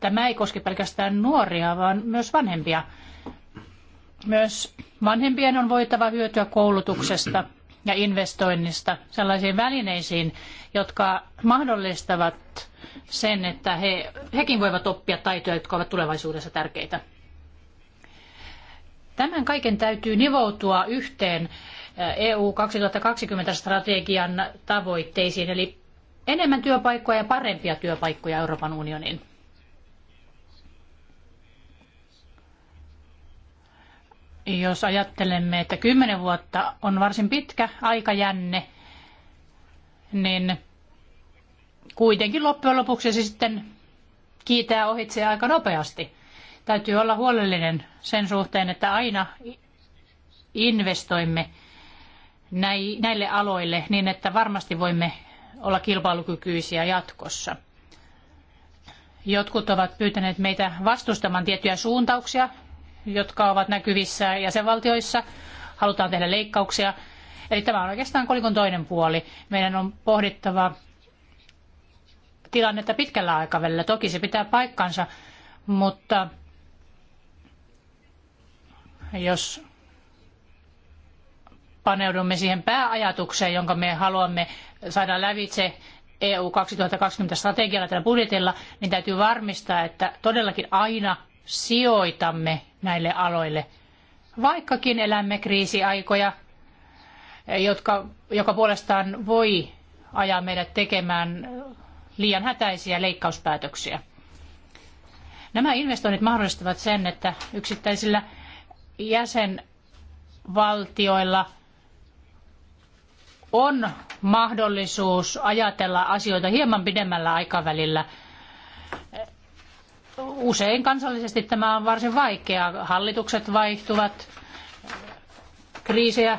Tämä ei koske pelkästään nuoria, vaan myös vanhempia. Myös vanhempien on voitava hyötyä koulutuksesta ja investoinnista sellaisiin välineisiin, jotka mahdollistavat sen, että he, hekin voivat oppia taitoja, jotka ovat tulevaisuudessa tärkeitä. Tämän kaiken täytyy nivoutua yhteen EU 2020-strategian tavoitteisiin, eli enemmän työpaikkoja ja parempia työpaikkoja Euroopan unioniin. Jos ajattelemme, että kymmenen vuotta on varsin pitkä aikajänne, niin kuitenkin loppujen lopuksi se sitten kiitää ohitse aika nopeasti. Täytyy olla huolellinen sen suhteen, että aina investoimme näille aloille niin, että varmasti voimme olla kilpailukykyisiä jatkossa. Jotkut ovat pyytäneet meitä vastustamaan tiettyjä suuntauksia, jotka ovat näkyvissä jäsenvaltioissa. Halutaan tehdä leikkauksia. Eli tämä on oikeastaan kolikon toinen puoli. Meidän on pohdittava tilannetta pitkällä aikavälillä. Toki se pitää paikkansa, mutta jos paneudumme siihen pääajatukseen, jonka me haluamme saada lävitse EU 2020 strategialla tällä budjetilla, niin täytyy varmistaa, että todellakin aina sijoitamme näille aloille. Vaikkakin elämme kriisiaikoja, jotka, joka puolestaan voi ajaa meidät tekemään liian hätäisiä leikkauspäätöksiä. Nämä investoinnit mahdollistavat sen, että yksittäisillä jäsenvaltioilla on mahdollisuus ajatella asioita hieman pidemmällä aikavälillä. Usein kansallisesti tämä on varsin vaikeaa. Hallitukset vaihtuvat, kriisejä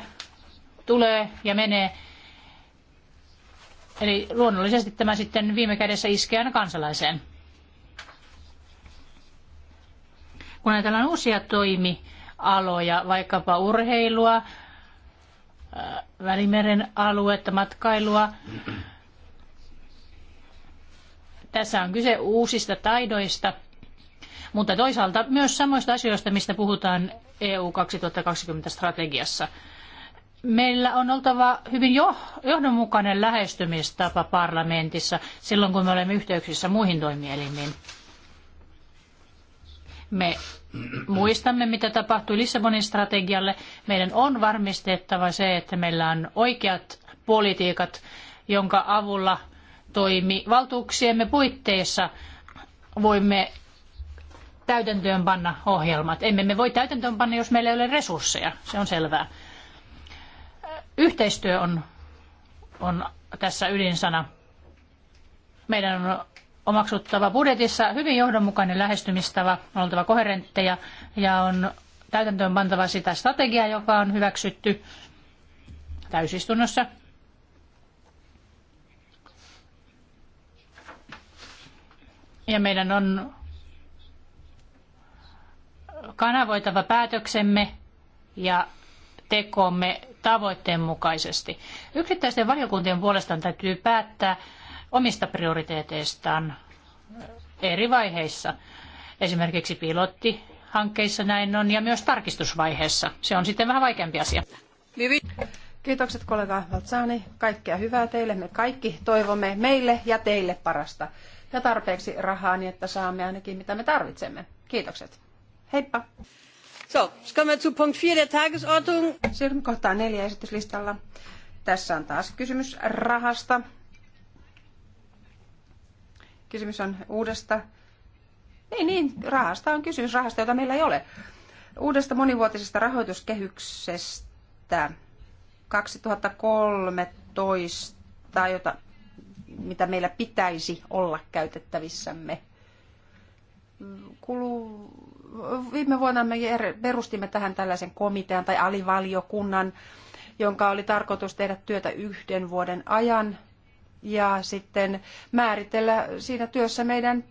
tulee ja menee. Eli luonnollisesti tämä sitten viime kädessä iskee aina kansalaiseen. Kun ajatellaan uusia toimialoja, vaikkapa urheilua, Äh, Välimeren aluetta, matkailua. Tässä on kyse uusista taidoista, mutta toisaalta myös samoista asioista, mistä puhutaan EU 2020-strategiassa. Meillä on oltava hyvin johdonmukainen lähestymistapa parlamentissa silloin, kun me olemme yhteyksissä muihin toimielimiin. Me muistamme, mitä tapahtui Lissabonin strategialle. Meidän on varmistettava se, että meillä on oikeat politiikat, jonka avulla toimi valtuuksiemme puitteissa voimme täytäntöön panna ohjelmat. Emme me voi täytäntöön panna, jos meillä ei ole resursseja. Se on selvää. Yhteistyö on, on tässä ydinsana. Meidän on omaksuttava budjetissa hyvin johdonmukainen lähestymistava, on oltava koherentteja ja on täytäntöön pantava sitä strategiaa, joka on hyväksytty täysistunnossa. Ja meidän on kanavoitava päätöksemme ja tekomme tavoitteen mukaisesti. Yksittäisten valiokuntien puolestaan täytyy päättää, omista prioriteeteistaan eri vaiheissa. Esimerkiksi pilottihankkeissa näin on ja myös tarkistusvaiheessa. Se on sitten vähän vaikeampi asia. Kiitokset kollega Valtsani. Kaikkea hyvää teille. Me kaikki toivomme meille ja teille parasta. Ja tarpeeksi rahaa niin, että saamme ainakin mitä me tarvitsemme. Kiitokset. Heippa. So, kommen zu Punkt 4 der Tagesordnung. Siirrymme kohtaan neljä esityslistalla. Tässä on taas kysymys rahasta. Kysymys on uudesta, niin, niin, rahasta on kysymys, rahasta, jota meillä ei ole. Uudesta monivuotisesta rahoituskehyksestä 2013, jota, mitä meillä pitäisi olla käytettävissämme. Kulu, viime vuonna me perustimme tähän tällaisen komitean tai alivaliokunnan, jonka oli tarkoitus tehdä työtä yhden vuoden ajan ja sitten määritellä siinä työssä meidän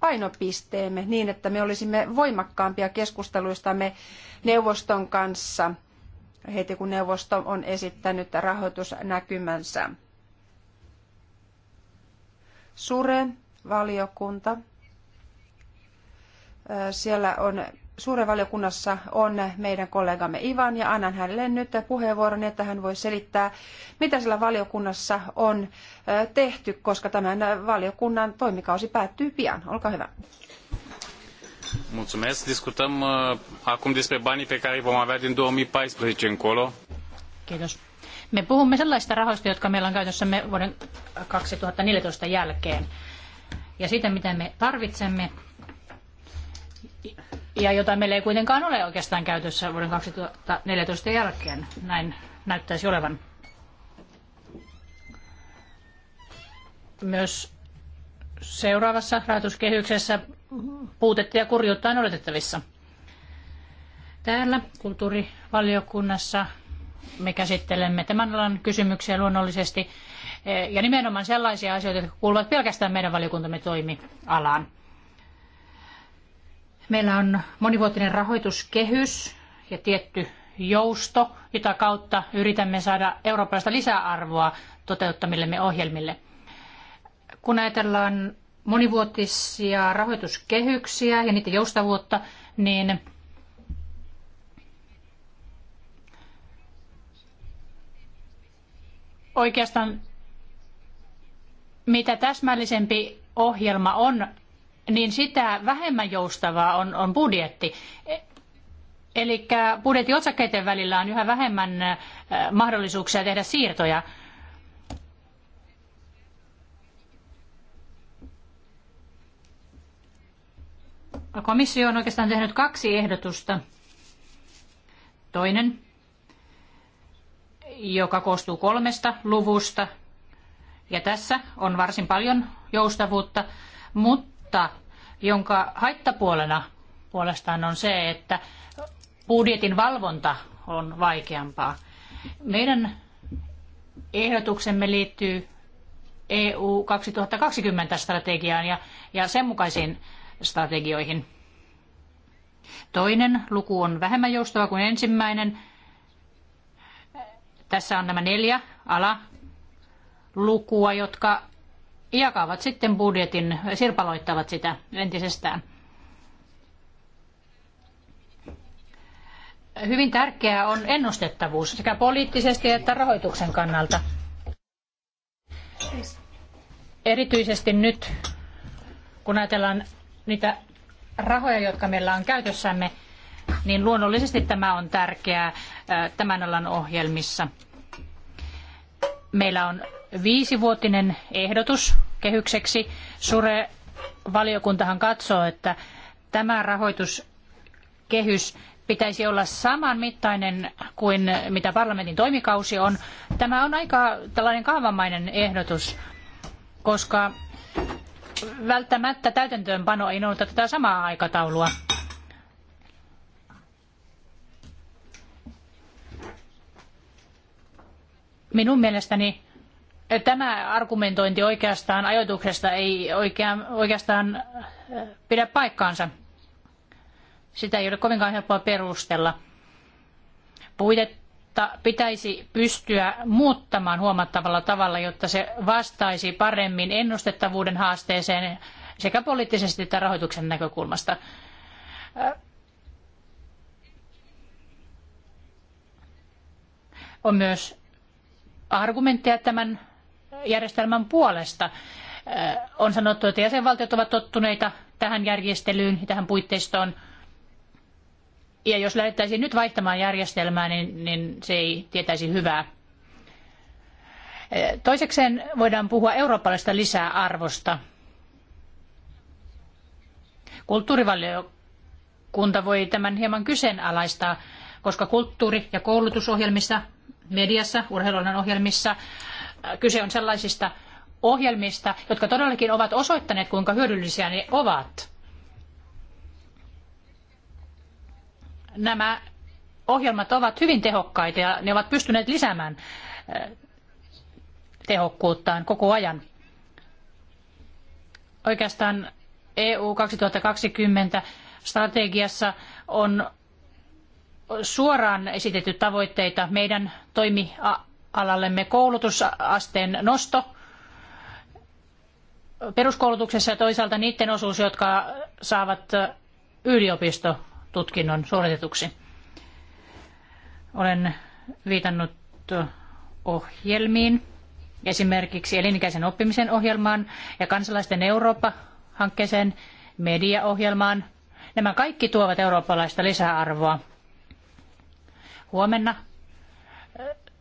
painopisteemme niin, että me olisimme voimakkaampia keskusteluistamme neuvoston kanssa heti kun neuvosto on esittänyt rahoitusnäkymänsä. Sure, valiokunta. Siellä on suuren valiokunnassa on meidän kollegamme Ivan ja annan hänelle nyt puheenvuoron, että hän voi selittää, mitä siellä valiokunnassa on tehty, koska tämän valiokunnan toimikausi päättyy pian. Olkaa hyvä. Mulțumesc. Discutăm uh, acum despre banii pe care vom avea din 2014 încolo. Kiitos. Me puhumme sellaista rahoista, jotka meillä on käytössämme vuoden 2014 jälkeen ja siitä, mitä me tarvitsemme ja jota meillä ei kuitenkaan ole oikeastaan käytössä vuoden 2014 jälkeen. Näin näyttäisi olevan. Myös seuraavassa rahoituskehyksessä puutetta ja kurjuutta on odotettavissa. Täällä kulttuurivaliokunnassa me käsittelemme tämän alan kysymyksiä luonnollisesti eh, ja nimenomaan sellaisia asioita, jotka kuuluvat pelkästään meidän valiokuntamme toimialaan. Meillä on monivuotinen rahoituskehys ja tietty jousto, jota kautta yritämme saada eurooppalaista lisäarvoa toteuttamillemme ohjelmille. Kun ajatellaan monivuotisia rahoituskehyksiä ja niiden joustavuutta, niin oikeastaan mitä täsmällisempi ohjelma on, niin sitä vähemmän joustavaa on, on budjetti. E, Eli budjettiotsakkeiden välillä on yhä vähemmän mahdollisuuksia tehdä siirtoja. Komissio on oikeastaan tehnyt kaksi ehdotusta. Toinen, joka koostuu kolmesta luvusta, ja tässä on varsin paljon joustavuutta, mutta jonka haittapuolena puolestaan on se, että budjetin valvonta on vaikeampaa. Meidän ehdotuksemme liittyy EU 2020 strategiaan ja, ja sen mukaisiin strategioihin. Toinen luku on vähemmän joustava kuin ensimmäinen. Tässä on nämä neljä ala lukua, jotka jakavat sitten budjetin, sirpaloittavat sitä entisestään. Hyvin tärkeää on ennustettavuus sekä poliittisesti että rahoituksen kannalta. Erityisesti nyt, kun ajatellaan niitä rahoja, jotka meillä on käytössämme, niin luonnollisesti tämä on tärkeää tämän alan ohjelmissa. Meillä on viisivuotinen ehdotus kehykseksi. Sure-valiokuntahan katsoo, että tämä rahoituskehys pitäisi olla samanmittainen kuin mitä parlamentin toimikausi on. Tämä on aika tällainen kaavamainen ehdotus, koska välttämättä täytäntöönpano ei noudata tätä samaa aikataulua. Minun mielestäni tämä argumentointi oikeastaan ajoituksesta ei oikean, oikeastaan äh, pidä paikkaansa. Sitä ei ole kovinkaan helppoa perustella. Puitetta pitäisi pystyä muuttamaan huomattavalla tavalla, jotta se vastaisi paremmin ennustettavuuden haasteeseen sekä poliittisesti että rahoituksen näkökulmasta. Äh, on myös argumentteja tämän järjestelmän puolesta. On sanottu, että jäsenvaltiot ovat tottuneita tähän järjestelyyn ja tähän puitteistoon. Ja jos lähdettäisiin nyt vaihtamaan järjestelmää, niin, niin se ei tietäisi hyvää. Toisekseen voidaan puhua eurooppalaisesta lisäarvosta. Kulttuurivaliokunta voi tämän hieman kyseenalaistaa, koska kulttuuri- ja koulutusohjelmissa, mediassa, urheilun ohjelmissa Kyse on sellaisista ohjelmista, jotka todellakin ovat osoittaneet, kuinka hyödyllisiä ne ovat. Nämä ohjelmat ovat hyvin tehokkaita ja ne ovat pystyneet lisäämään eh, tehokkuuttaan koko ajan. Oikeastaan EU 2020 strategiassa on suoraan esitetty tavoitteita meidän toimia alallemme koulutusasteen nosto peruskoulutuksessa ja toisaalta niiden osuus, jotka saavat yliopistotutkinnon suoritetuksi. Olen viitannut ohjelmiin, esimerkiksi elinikäisen oppimisen ohjelmaan ja kansalaisten Eurooppa-hankkeeseen, mediaohjelmaan. Nämä kaikki tuovat eurooppalaista lisäarvoa. Huomenna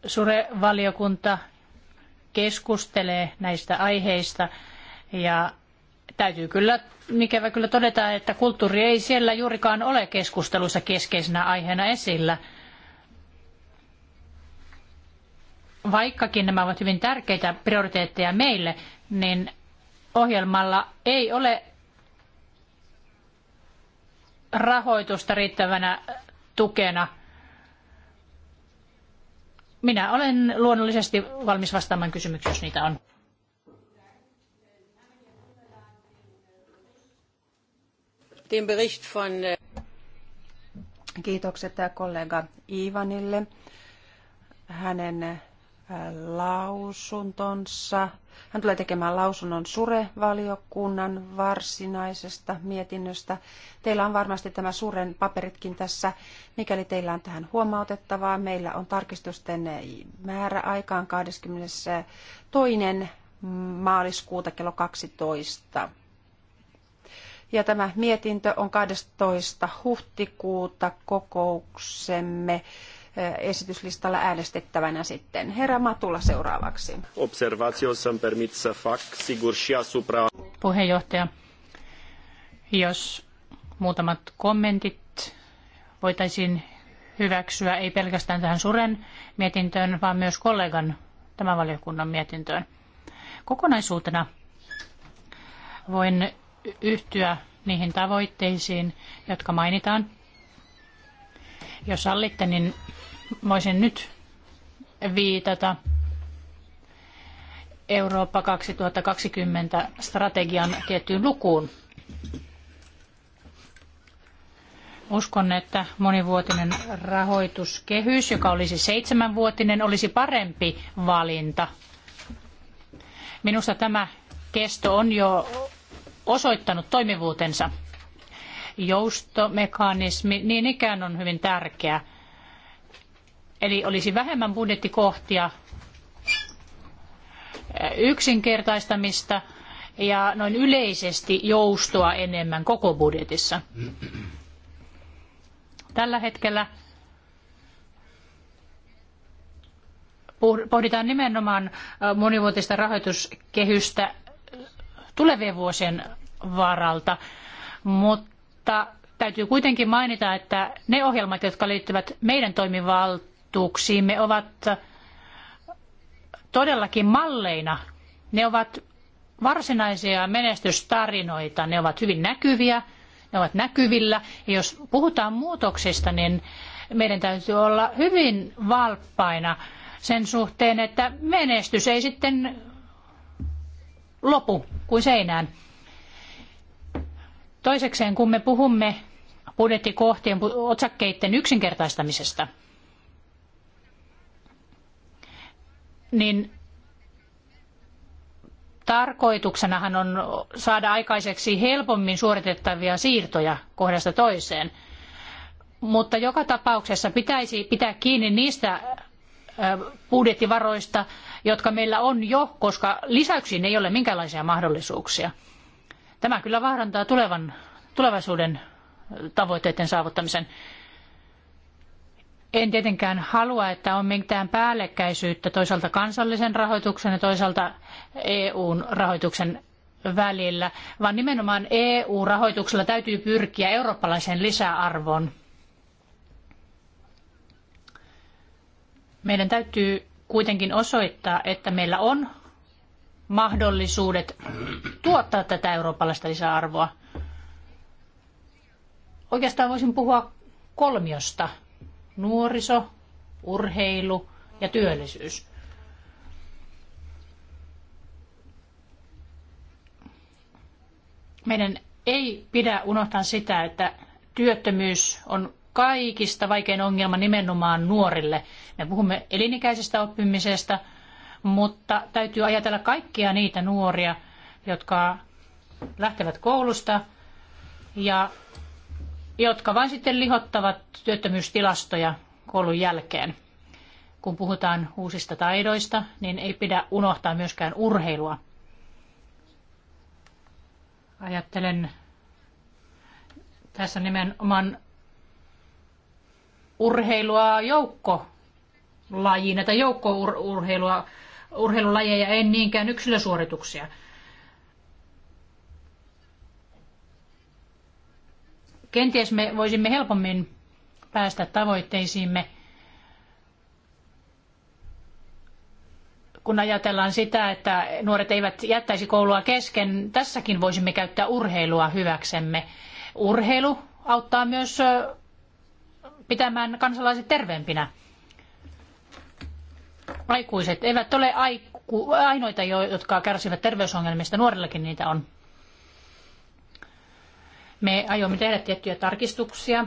Sure-valiokunta keskustelee näistä aiheista ja täytyy kyllä ikävä kyllä todeta, että kulttuuri ei siellä juurikaan ole keskustelussa keskeisenä aiheena esillä. Vaikkakin nämä ovat hyvin tärkeitä prioriteetteja meille, niin ohjelmalla ei ole rahoitusta riittävänä tukena – minä olen luonnollisesti valmis vastaamaan kysymyksiin, jos niitä on. Äh, Kiitokset äh, kollega Ivanille hänen lausuntonsa. Hän tulee tekemään lausunnon Sure-valiokunnan varsinaisesta mietinnöstä. Teillä on varmasti tämä Suren paperitkin tässä. Mikäli teillä on tähän huomautettavaa, meillä on tarkistusten määrä aikaan 22. maaliskuuta kello 12. Ja tämä mietintö on 12. huhtikuuta kokouksemme esityslistalla äänestettävänä sitten. Herra Matula seuraavaksi. fac, sigur și asupra... Puheenjohtaja, jos muutamat kommentit voitaisiin hyväksyä ei pelkästään tähän Suren mietintöön, vaan myös kollegan tämän valiokunnan mietintöön. Kokonaisuutena voin yhtyä niihin tavoitteisiin, jotka mainitaan jos sallitte, niin voisin nyt viitata Eurooppa 2020 strategian tiettyyn lukuun. Uskon, että monivuotinen rahoituskehys, joka olisi seitsemänvuotinen, olisi parempi valinta. Minusta tämä kesto on jo osoittanut toimivuutensa joustomekanismi niin ikään on hyvin tärkeä. Eli olisi vähemmän budjettikohtia, yksinkertaistamista ja noin yleisesti joustoa enemmän koko budjetissa. Tällä hetkellä pohditaan nimenomaan monivuotista rahoituskehystä tulevien vuosien varalta, mutta mutta täytyy kuitenkin mainita, että ne ohjelmat, jotka liittyvät meidän toimivaltuuksiimme, ovat todellakin malleina. Ne ovat varsinaisia menestystarinoita, ne ovat hyvin näkyviä, ne ovat näkyvillä. Ja jos puhutaan muutoksista, niin meidän täytyy olla hyvin valppaina sen suhteen, että menestys ei sitten lopu kuin seinään. Toisekseen, kun me puhumme budjettikohtien otsakkeiden yksinkertaistamisesta, niin tarkoituksenahan on saada aikaiseksi helpommin suoritettavia siirtoja kohdasta toiseen. Mutta joka tapauksessa pitäisi pitää kiinni niistä budjettivaroista, jotka meillä on jo, koska lisäyksiin ei ole minkäänlaisia mahdollisuuksia. Tämä kyllä vaarantaa tulevan, tulevaisuuden tavoitteiden saavuttamisen. En tietenkään halua, että on mitään päällekkäisyyttä toisaalta kansallisen rahoituksen ja toisaalta EUn rahoituksen välillä, vaan nimenomaan EU-rahoituksella täytyy pyrkiä eurooppalaiseen lisäarvoon. Meidän täytyy kuitenkin osoittaa, että meillä on mahdollisuudet tuottaa tätä eurooppalaista lisäarvoa. Oikeastaan voisin puhua kolmiosta. Nuoriso, urheilu ja työllisyys. Meidän ei pidä unohtaa sitä, että työttömyys on kaikista vaikein ongelma nimenomaan nuorille. Me puhumme elinikäisestä oppimisesta – mutta täytyy ajatella kaikkia niitä nuoria, jotka lähtevät koulusta ja jotka vain sitten lihottavat työttömyystilastoja koulun jälkeen. Kun puhutaan uusista taidoista, niin ei pidä unohtaa myöskään urheilua. Ajattelen tässä nimenomaan urheilua joukko tai joukkourheilua urheilulajeja, en niinkään yksilösuorituksia. Kenties me voisimme helpommin päästä tavoitteisiimme, kun ajatellaan sitä, että nuoret eivät jättäisi koulua kesken. Tässäkin voisimme käyttää urheilua hyväksemme. Urheilu auttaa myös pitämään kansalaiset terveempinä aikuiset eivät ole aiku- ainoita, jotka kärsivät terveysongelmista. Nuorillakin niitä on. Me aiomme tehdä tiettyjä tarkistuksia,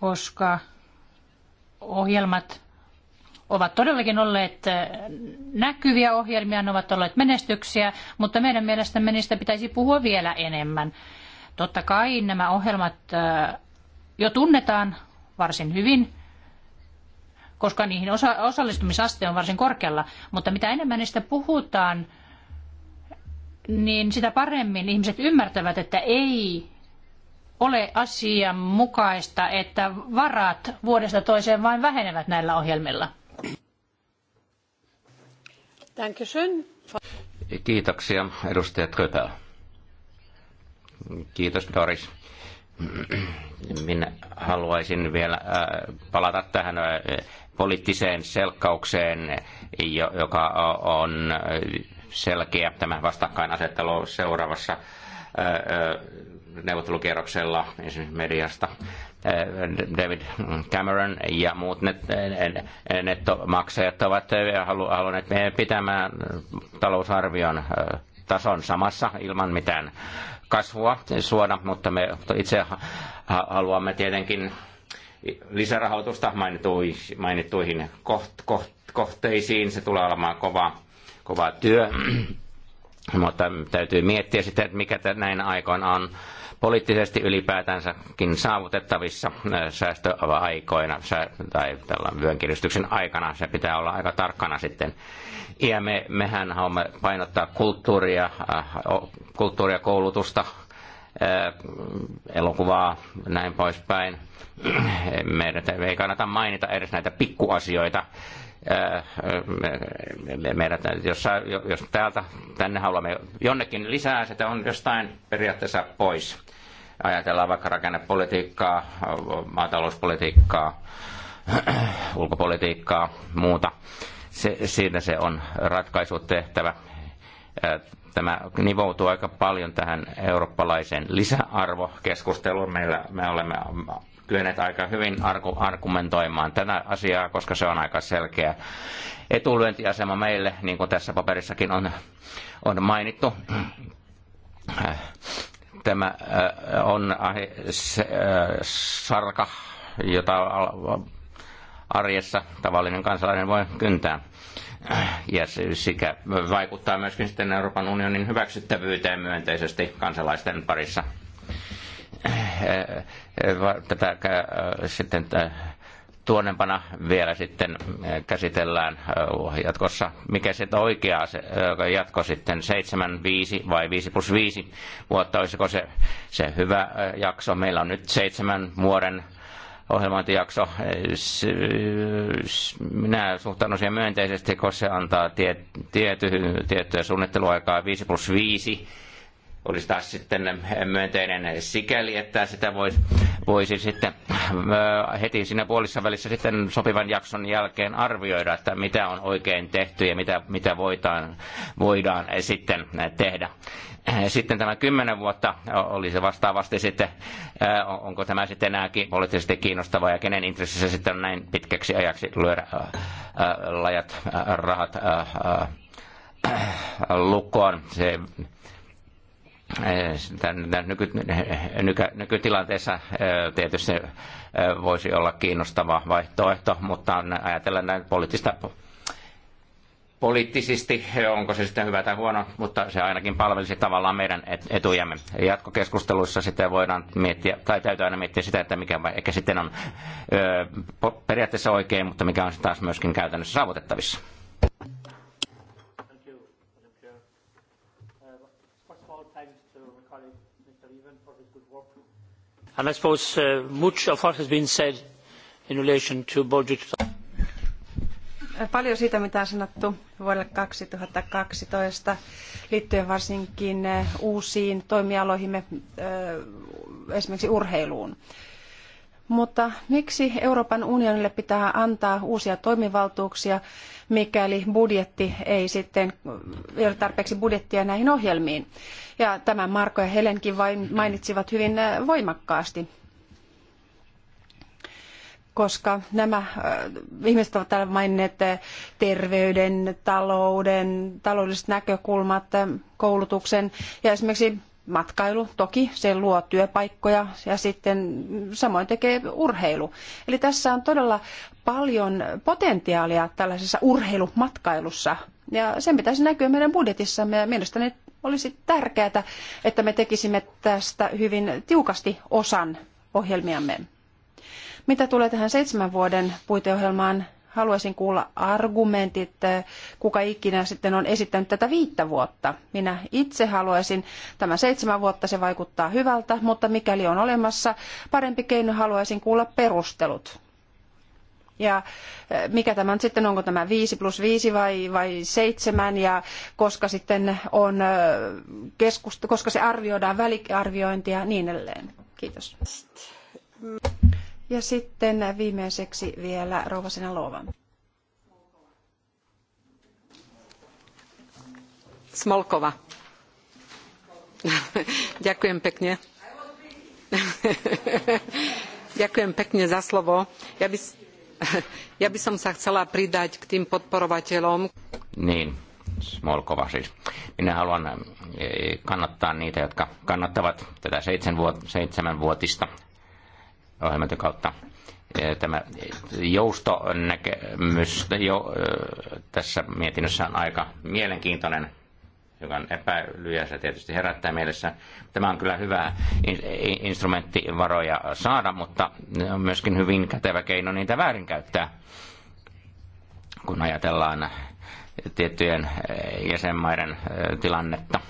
koska ohjelmat ovat todellakin olleet näkyviä ohjelmia, ne ovat olleet menestyksiä, mutta meidän mielestämme niistä pitäisi puhua vielä enemmän. Totta kai nämä ohjelmat jo tunnetaan varsin hyvin, koska niihin osa- osallistumisaste on varsin korkealla. Mutta mitä enemmän niistä puhutaan, niin sitä paremmin ihmiset ymmärtävät, että ei ole asianmukaista, että varat vuodesta toiseen vain vähenevät näillä ohjelmilla. Kiitoksia, edustaja Tröpel. Kiitos, Doris. Minä haluaisin vielä äh, palata tähän äh, poliittiseen selkkaukseen, joka on selkeä tämä vastakkainasettelu seuraavassa neuvottelukierroksella esimerkiksi mediasta. David Cameron ja muut nettomaksajat ovat halunneet pitämään talousarvion tason samassa ilman mitään kasvua suoda, mutta me itse haluamme tietenkin lisärahoitusta mainittuihin kohteisiin. Se tulee olemaan kova, kova työ, mutta täytyy miettiä sitä, että mikä näin aikoina on poliittisesti ylipäätänsäkin saavutettavissa säästöaikoina tai tällä vyönkiristyksen aikana. Se pitää olla aika tarkkana sitten. Ja me, mehän haluamme painottaa kulttuuria, kulttuuria koulutusta, Äh, elokuvaa, näin poispäin. Meidän ei kannata mainita edes näitä pikkuasioita. Äh, äh, meidät, jos, jos täältä tänne haluamme jonnekin lisää, sitä on jostain periaatteessa pois. Ajatellaan vaikka rakennepolitiikkaa, maatalouspolitiikkaa, ulkopolitiikkaa, muuta. Se, siinä se on ratkaisu tehtävä Tämä nivoutuu aika paljon tähän eurooppalaiseen lisäarvokeskusteluun. Meillä me olemme kyenneet aika hyvin argumentoimaan tätä asiaa, koska se on aika selkeä etulyöntiasema meille, niin kuin tässä paperissakin on, on mainittu. Tämä äh, on äh, äh, sarka, jota arjessa tavallinen kansalainen voi kyntää ja sekä vaikuttaa myöskin sitten Euroopan unionin hyväksyttävyyteen myönteisesti kansalaisten parissa. Tätä sitten tuonempana vielä sitten käsitellään jatkossa. Mikä se oikea se, jatko sitten, 7, 5 vai 5 plus 5 vuotta, olisiko se, se hyvä jakso? Meillä on nyt seitsemän vuoden ohjelmointijakso. Minä suhtaudun siihen myönteisesti, koska se antaa tiet, tiety, tiettyä suunnitteluaikaa 5 plus 5 olisi taas sitten myönteinen sikäli, että sitä voisi, voisi sitten heti siinä puolissa välissä sitten sopivan jakson jälkeen arvioida, että mitä on oikein tehty ja mitä, mitä voidaan, voidaan sitten tehdä. Sitten tämä kymmenen vuotta oli se vastaavasti sitten, onko tämä sitten enää poliittisesti kiinnostavaa ja kenen intressissä sitten on näin pitkäksi ajaksi lyödä lajat rahat lukkoon. Se Tämän nyky, nyky, nykytilanteessa tietysti voisi olla kiinnostava vaihtoehto, mutta ajatellen näin poliittista poliittisesti, onko se sitten hyvä tai huono, mutta se ainakin palvelisi tavallaan meidän etujamme. Jatkokeskusteluissa sitten voidaan miettiä, tai täytyy aina miettiä sitä, että mikä ehkä sitten on ö, periaatteessa oikein, mutta mikä on taas myöskin käytännössä saavutettavissa. and i suppose uh, much of what has been said in relation to budget paljon siitä, mitä on sanottu vuodelle kaksituhatta kaksitoista liittyen varsinkin uh, uusiin toimialoihimme, uh, esimerkiksi urheiluun. Mutta miksi Euroopan unionille pitää antaa uusia toimivaltuuksia, mikäli budjetti ei sitten ei ole tarpeeksi budjettia näihin ohjelmiin? Ja tämän Marko ja Helenkin vain mainitsivat hyvin äh, voimakkaasti koska nämä äh, ihmiset ovat täällä maininneet äh, terveyden, talouden, taloudelliset näkökulmat, koulutuksen ja esimerkiksi matkailu toki, se luo työpaikkoja ja sitten samoin tekee urheilu. Eli tässä on todella paljon potentiaalia tällaisessa urheilumatkailussa ja sen pitäisi näkyä meidän budjetissamme ja mielestäni olisi tärkeää, että me tekisimme tästä hyvin tiukasti osan ohjelmiamme. Mitä tulee tähän seitsemän vuoden puiteohjelmaan, haluaisin kuulla argumentit, eh, kuka ikinä sitten on esittänyt tätä viittä vuotta. Minä itse haluaisin, tämä seitsemän vuotta se vaikuttaa hyvältä, mutta mikäli on olemassa parempi keino, haluaisin kuulla perustelut. Ja eh, mikä tämä sitten, onko tämä viisi plus viisi vai, vai 7 ja koska sitten on eh, koska se arvioidaan väliarviointia ja niin edelleen. Kiitos. Ja sitten viimeiseksi vielä Rouva Sinalova. Smolkova. Ďakujem pekne. Ďakujem pekne za slovo. Ja by, ja by som sa chcela pridať k tým podporovateľom. Niin, Smolkova siis. Minä haluan eh, kannattaa niitä, jotka kannattavat tätä seitsemänvuotista ohjelmatyön kautta. Tämä joustonäkemys jo, tässä mietinnössä on aika mielenkiintoinen joka on epäilyjä, se tietysti herättää mielessä. Tämä on kyllä hyvä instrumentti varoja saada, mutta on myöskin hyvin kätevä keino niitä väärinkäyttää, kun ajatellaan tiettyjen jäsenmaiden tilannetta –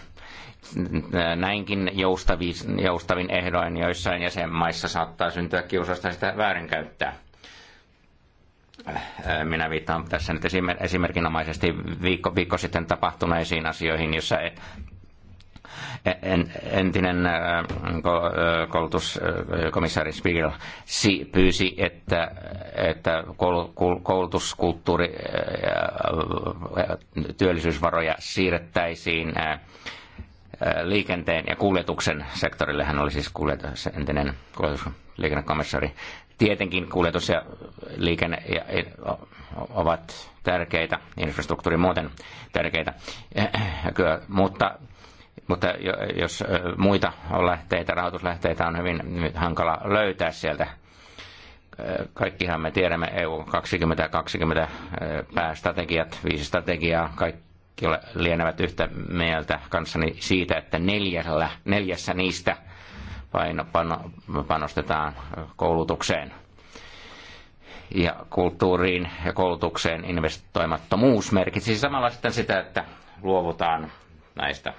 näinkin joustavin, joustavin ehdoin joissain jäsenmaissa saattaa syntyä kiusausta sitä väärinkäyttää. Minä viittaan tässä nyt esimerkinomaisesti viikko, viikko sitten tapahtuneisiin asioihin, jossa e-, e-, entinen koulutuskomissaari Spiegel pyysi, että, että koulutuskulttuuri ja työllisyysvaroja siirrettäisiin liikenteen ja kuljetuksen sektorille. Hän oli siis kuljetus, entinen kuljetus, liikennekomissari. Tietenkin kuljetus ja liikenne e, ovat tärkeitä, infrastruktuuri muuten tärkeitä, Kyllä, mutta, mutta jos muita lähteitä, rahoituslähteitä on hyvin hankala löytää sieltä kaikkihan me tiedämme EU 2020 päästrategiat, viisi strategiaa, kaikki lienevät yhtä mieltä kanssani siitä, että neljällä, neljässä niistä paino, pano, panostetaan koulutukseen ja kulttuuriin ja koulutukseen investoimattomuus merkitsisi samalla sitten sitä, että luovutaan näistä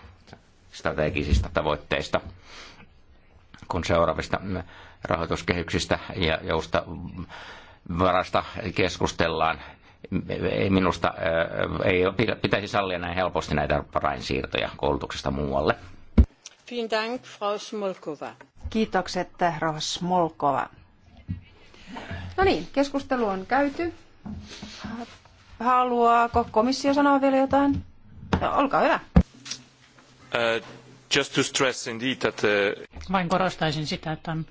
strategisista tavoitteista, kun seuraavista rahoituskehyksistä ja jousta varasta keskustellaan ei minusta ei pitäisi sallia näin helposti näitä varainsiirtoja koulutuksesta muualle. Kiitokset, Rouva Smolkova. No niin, keskustelu on käyty. Haluaako komissio sanoa vielä jotain? No, olkaa hyvä. Uh, just to stress indeed that, uh... Vain korostaisin sitä, että on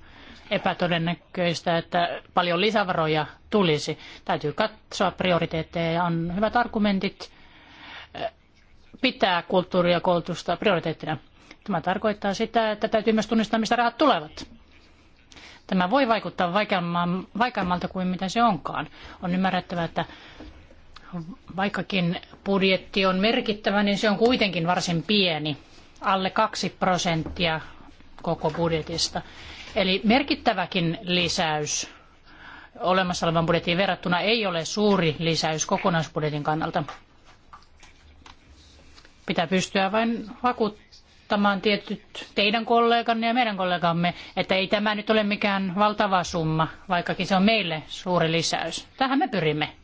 epätodennäköistä, että paljon lisävaroja tulisi. Täytyy katsoa prioriteetteja ja on hyvät argumentit eh, pitää kulttuuria ja koulutusta prioriteettina. Tämä tarkoittaa sitä, että täytyy myös tunnistaa, mistä rahat tulevat. Tämä voi vaikuttaa vaikeammalta kuin mitä se onkaan. On ymmärrettävä, että vaikkakin budjetti on merkittävä, niin se on kuitenkin varsin pieni, alle kaksi prosenttia koko budjetista. Eli merkittäväkin lisäys olemassa olevan budjettiin verrattuna ei ole suuri lisäys kokonaisbudjetin kannalta. Pitää pystyä vain vakuuttamaan tietyt teidän kolleganne ja meidän kollegamme, että ei tämä nyt ole mikään valtava summa, vaikkakin se on meille suuri lisäys. Tähän me pyrimme.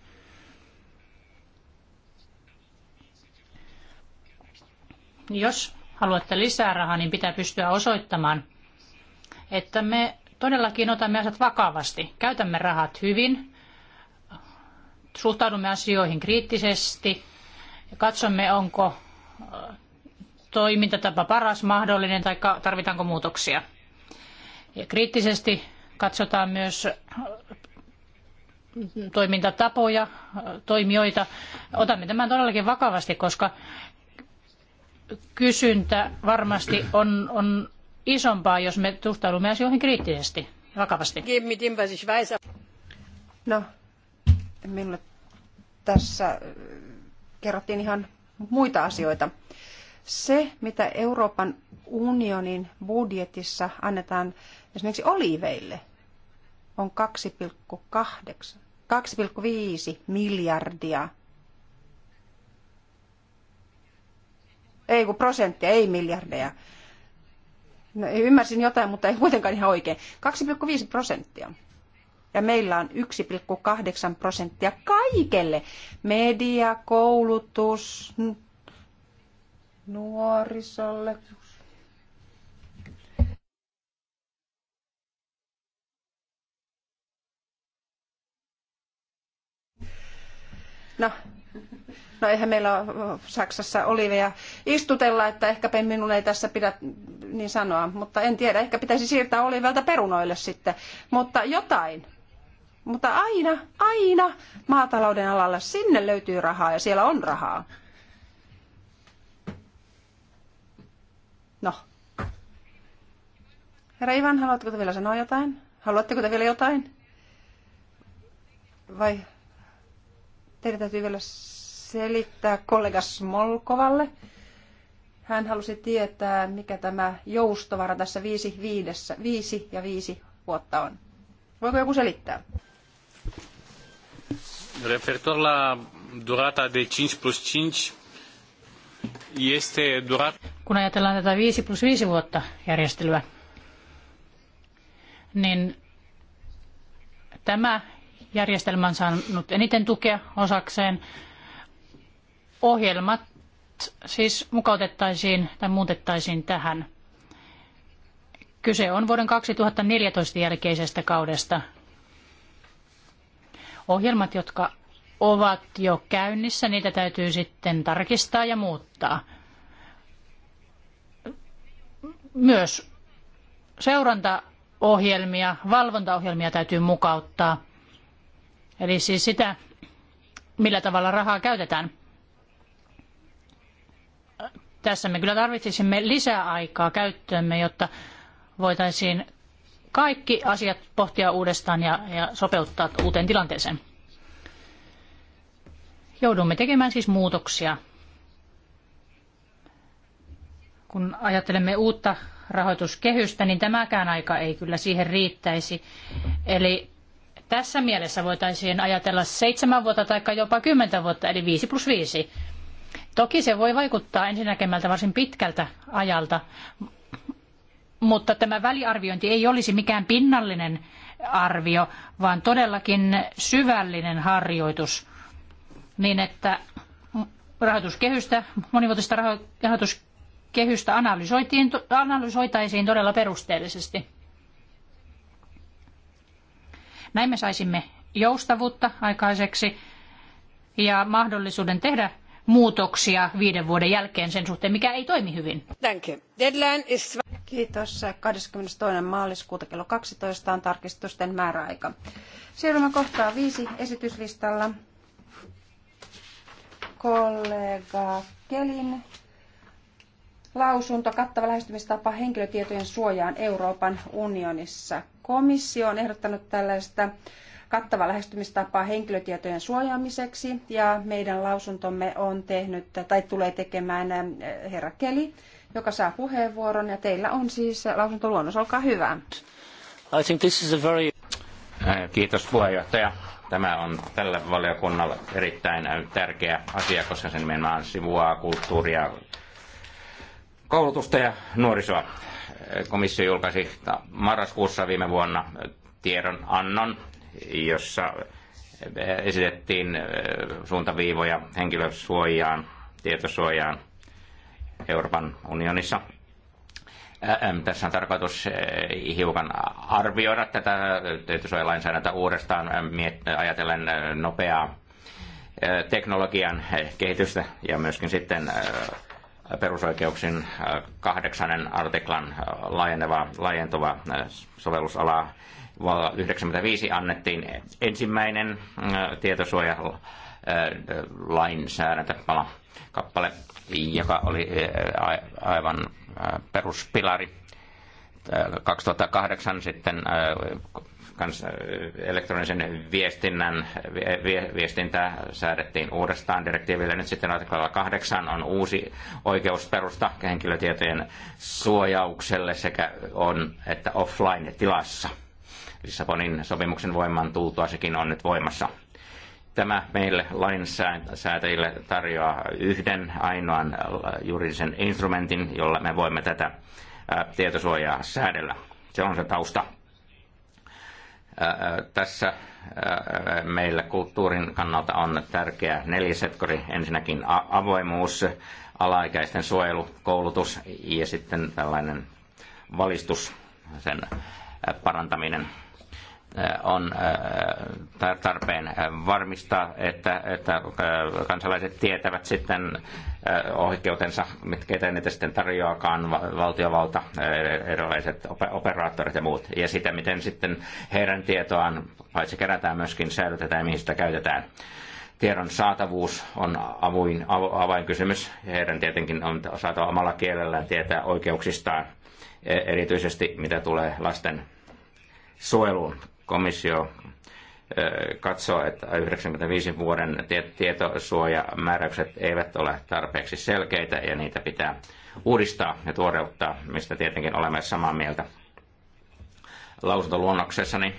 Jos haluatte lisää rahaa, niin pitää pystyä osoittamaan – että me todellakin otamme asiat vakavasti, käytämme rahat hyvin, suhtaudumme asioihin kriittisesti ja katsomme, onko toimintatapa paras mahdollinen tai tarvitaanko muutoksia. Ja kriittisesti katsotaan myös toimintatapoja, toimijoita. Otamme tämän todellakin vakavasti, koska kysyntä varmasti on, on isompaa, jos me suhtaudumme asioihin kriittisesti, vakavasti. No, minulle tässä äh, kerrottiin ihan muita asioita. Se, mitä Euroopan unionin budjetissa annetaan esimerkiksi oliiveille, on 2,8, 2,5 miljardia. Ei kun prosenttia, ei miljardeja. No, ymmärsin jotain, mutta ei kuitenkaan ihan oikein. 2,5 prosenttia. Ja meillä on 1,8 prosenttia kaikelle. Media, koulutus, nuorisolle. No, No eihän meillä Saksassa oliveja istutella, että ehkäpä minun ei tässä pidä niin sanoa, mutta en tiedä, ehkä pitäisi siirtää olivelta perunoille sitten, mutta jotain. Mutta aina, aina maatalouden alalla sinne löytyy rahaa ja siellä on rahaa. No. Herra Ivan, haluatteko te vielä sanoa jotain? Haluatteko te vielä jotain? Vai teidän täytyy vielä selittää kollega Smolkovalle. Hän halusi tietää, mikä tämä joustovara tässä viisi, viidessä, viisi ja viisi vuotta on. Voiko joku selittää? Referitor la durata de 5 plus 5, este durata... Kun ajatellaan tätä 5 plus 5 vuotta järjestelyä, niin tämä järjestelmä on saanut eniten tukea osakseen ohjelmat siis mukautettaisiin tai muutettaisiin tähän. Kyse on vuoden 2014 jälkeisestä kaudesta. Ohjelmat, jotka ovat jo käynnissä, niitä täytyy sitten tarkistaa ja muuttaa. Myös seurantaohjelmia, valvontaohjelmia täytyy mukauttaa. Eli siis sitä, millä tavalla rahaa käytetään. Tässä me kyllä tarvitsisimme lisää aikaa käyttöömme, jotta voitaisiin kaikki asiat pohtia uudestaan ja, ja sopeuttaa uuteen tilanteeseen. Joudumme tekemään siis muutoksia. Kun ajattelemme uutta rahoituskehystä, niin tämäkään aika ei kyllä siihen riittäisi. Eli tässä mielessä voitaisiin ajatella seitsemän vuotta tai jopa kymmentä vuotta, eli viisi plus viisi. Toki se voi vaikuttaa ensinnäkemältä varsin pitkältä ajalta, mutta tämä väliarviointi ei olisi mikään pinnallinen arvio, vaan todellakin syvällinen harjoitus niin, että rahoituskehystä, monivuotista rahoituskehystä analysoitiin, analysoitaisiin todella perusteellisesti. Näin me saisimme joustavuutta aikaiseksi ja mahdollisuuden tehdä muutoksia viiden vuoden jälkeen sen suhteen, mikä ei toimi hyvin. Danke. Deadline is... Kiitos. 22. maaliskuuta kello 12 on tarkistusten määräaika. Siirrymme kohtaa viisi esityslistalla. Kollega Kelin lausunto kattava lähestymistapa henkilötietojen suojaan Euroopan unionissa. Komissio on ehdottanut tällaista kattava lähestymistapa henkilötietojen suojaamiseksi ja meidän lausuntomme on tehnyt tai tulee tekemään eh, herra Keli, joka saa puheenvuoron ja teillä on siis lausuntoluonnos. Olkaa hyvä. I think this is a very... Äh, kiitos puheenjohtaja. Tämä on tälle valiokunnalle erittäin äh, tärkeä asia, koska sen nimenomaan sivuaa kulttuuria, koulutusta ja nuorisoa. Äh, komissio julkaisi marraskuussa viime vuonna tiedon annon jossa esitettiin äh, suuntaviivoja henkilösuojaan, tietosuojaan Euroopan unionissa. Äh, ähm, tässä on tarkoitus äh, hiukan arvioida tätä tietosuojalainsäädäntöä uudestaan ajatellen nopeaa teknologian kehitystä ja myöskin sitten perusoikeuksien kahdeksannen artiklan laajentuvaa sovellusalaa 1995 annettiin ensimmäinen äh, tietosuojalainsäädäntöpala kappale, äh, joka oli äh, aivan peruspilari. 2008 sitten kans elektronisen viestinnän, viestintää säädettiin uudestaan direktiivillä. Nyt sitten artiklalla 8 on uusi oikeusperusta henkilötietojen suojaukselle sekä on että offline-tilassa Lissabonin sopimuksen voimaan tultua sekin on nyt voimassa. Tämä meille lainsäätäjille tarjoaa yhden ainoan juridisen instrumentin, jolla me voimme tätä tietosuojaa säädellä. Se on se tausta. Tässä meillä kulttuurin kannalta on tärkeä nelisetkori. Ensinnäkin avoimuus, alaikäisten suojelu, koulutus ja sitten tällainen valistus, sen parantaminen. Äh, on äh, tarpeen äh, varmistaa, että, että kansalaiset tietävät sitten oikeutensa, mitkä niitä sitten tarjoakaan valtiovalta, erilaiset operaattorit ja muut, ja sitä, miten sitten heidän tietoaan paitsi kerätään, myöskin säilytetään ja mihin sitä käytetään. Tiedon saatavuus on avuin, avainkysymys. Heidän tietenkin on saatava omalla kielellään tietää oikeuksistaan, e-, erityisesti mitä tulee lasten suojeluun komissio katsoo, että 95 vuoden tietosuojamääräykset eivät ole tarpeeksi selkeitä ja niitä pitää uudistaa ja tuoreuttaa, mistä tietenkin olemme samaa mieltä lausuntoluonnoksessani,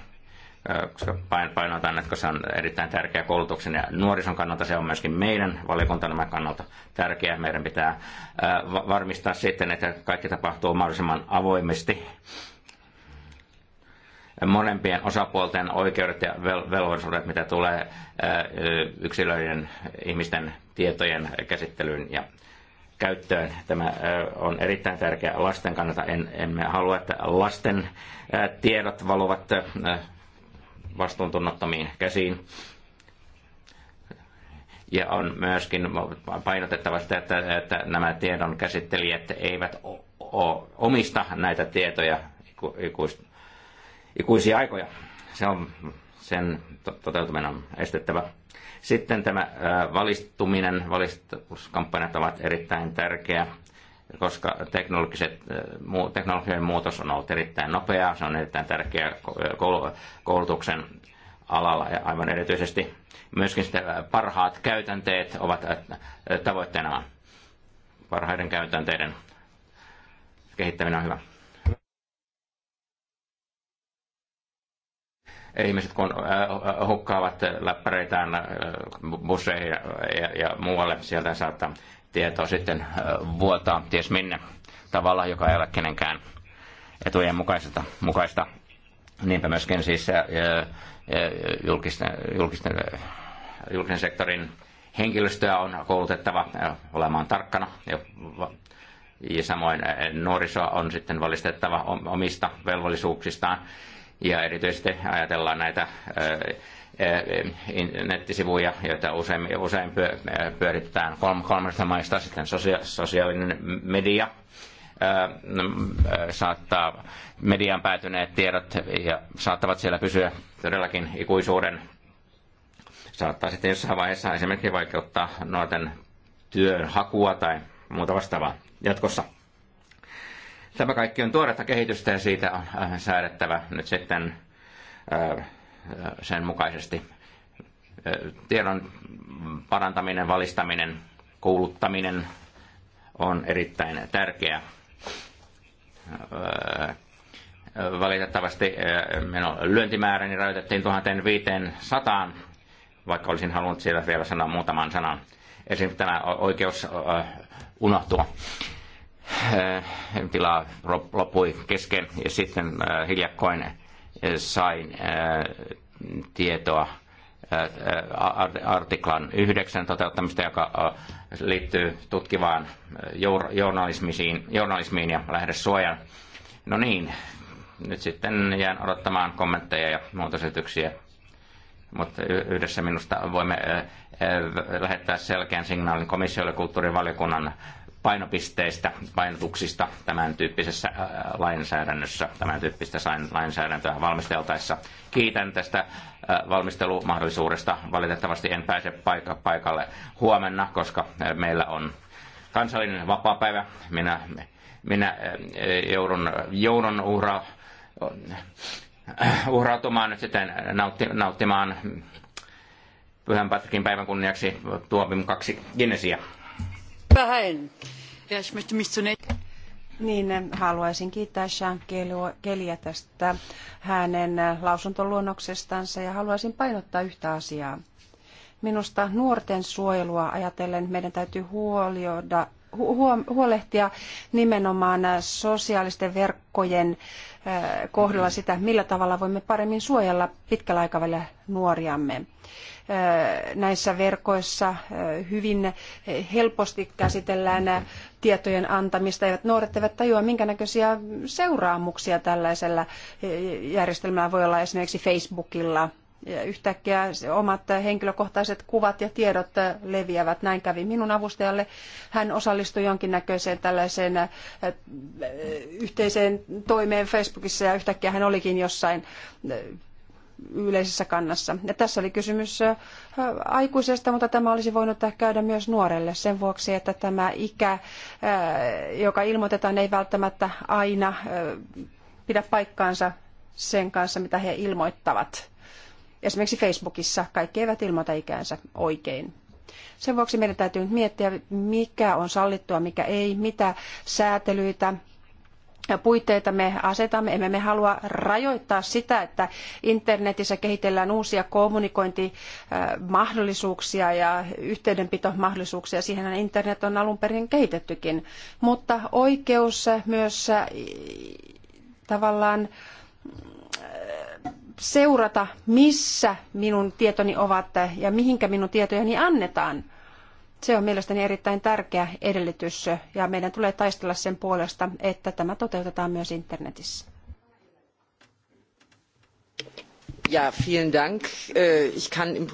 koska painotan, että se on erittäin tärkeä koulutuksen ja nuorison kannalta, se on myöskin meidän valiokuntamme kannalta tärkeää. Meidän pitää varmistaa sitten, että kaikki tapahtuu mahdollisimman avoimesti molempien osapuolten oikeudet ja velvollisuudet, mitä tulee yksilöiden ihmisten tietojen käsittelyyn ja käyttöön. Tämä on erittäin tärkeä lasten kannalta. En, emme halua, että lasten tiedot valuvat vastuuntunnottomiin käsiin. Ja on myöskin painotettava sitä, että, että nämä tiedon käsittelijät eivät o, o, omista näitä tietoja ikuista ikuisia aikoja. Se on, sen toteutuminen on estettävä. Sitten tämä valistuminen, valistuskampanjat ovat erittäin tärkeä, koska teknologiset, teknologian muutos on ollut erittäin nopeaa. Se on erittäin tärkeä koulutuksen alalla ja aivan erityisesti myöskin parhaat käytänteet ovat tavoitteena. Parhaiden käytänteiden kehittäminen on hyvä. ihmiset kun äh, äh, hukkaavat läppäreitään äh, busseihin ja, ja, ja muualle, sieltä saattaa tietoa sitten vuotaa ties minne tavalla, joka ei ole kenenkään etujen mukaista. mukaista. Niinpä myöskin siis julkisten, julkisten, julkisen sektorin henkilöstöä on koulutettava olemaan tarkkana ja, ja samoin nuorisoa on sitten valistettava omista velvollisuuksistaan ja erityisesti ajatellaan näitä nettisivuja, joita usein, usein pyöritetään kolmesta maista. Sitten sosiaalinen media no, saattaa median päätyneet tiedot ja saattavat siellä pysyä todellakin ikuisuuden. Saattaa sitten jossain vaiheessa esimerkiksi vaikeuttaa nuorten työn hakua tai muuta vastaavaa jatkossa. Tämä kaikki on tuoretta kehitystä ja siitä on äh, säädettävä nyt sitten äh, äh, sen mukaisesti. Tiedon parantaminen, valistaminen, kuuluttaminen on erittäin tärkeää valitettavasti minun lyöntimääräni rajoitettiin 1500, vaikka olisin halunnut siellä vielä sanoa muutaman sanan. Esimerkiksi tämä oikeus unohtua tila loppui kesken ja sitten hiljakkoin sain tietoa artiklan 9 toteuttamista, joka liittyy tutkivaan journalismiin ja lähdesuojaan. No niin, nyt sitten jään odottamaan kommentteja ja muutosesityksiä, mutta yhdessä minusta voimme lähettää selkeän signaalin komissiolle kulttuurivaliokunnan painopisteistä, painotuksista tämän tyyppisessä äh, lainsäädännössä, tämän tyyppistä lainsäädäntöä valmisteltaessa. Kiitän tästä äh, valmistelumahdollisuudesta. Valitettavasti en pääse paikalle huomenna, koska äh, meillä on kansallinen vapaapäivä. Minä, minä joudun joudun uhra, uhrautumaan nyt sitten nauttimaan Pyhän Patrikin päivän kunniaksi tuomin kaksi Guinnessia Vähän. Ja ich möchte mich zunächst... Niin, haluaisin kiittää Sean Kelia tästä hänen lausuntoluonnoksestansa ja haluaisin painottaa yhtä asiaa. Minusta nuorten suojelua ajatellen meidän täytyy huolioida, huolehtia nimenomaan sosiaalisten verkkojen kohdalla sitä, millä tavalla voimme paremmin suojella pitkällä aikavälillä nuoriamme näissä verkoissa hyvin helposti käsitellään tietojen antamista. Eivät nuoret eivät tajua, minkä näköisiä seuraamuksia tällaisella järjestelmällä voi olla esimerkiksi Facebookilla. Ja yhtäkkiä omat henkilökohtaiset kuvat ja tiedot leviävät. Näin kävi minun avustajalle. Hän osallistui jonkinnäköiseen tällaiseen yhteiseen toimeen Facebookissa ja yhtäkkiä hän olikin jossain yleisessä kannassa. Ja tässä oli kysymys aikuisesta, mutta tämä olisi voinut käydä myös nuorelle sen vuoksi, että tämä ikä, joka ilmoitetaan, ei välttämättä aina pidä paikkaansa sen kanssa, mitä he ilmoittavat. Esimerkiksi Facebookissa kaikki eivät ilmoita ikäänsä oikein. Sen vuoksi meidän täytyy nyt miettiä, mikä on sallittua, mikä ei, mitä säätelyitä puitteita me asetamme. Emme me halua rajoittaa sitä, että internetissä kehitellään uusia kommunikointimahdollisuuksia ja yhteydenpitomahdollisuuksia. Siihenhän internet on alun perin kehitettykin. Mutta oikeus myös äh, tavallaan äh, seurata, missä minun tietoni ovat ja mihinkä minun tietojani annetaan – se on mielestäni erittäin tärkeä edellytys ja meidän tulee taistella sen puolesta, että tämä toteutetaan myös internetissä. Ja, vielen Dank. Äh, ich kann im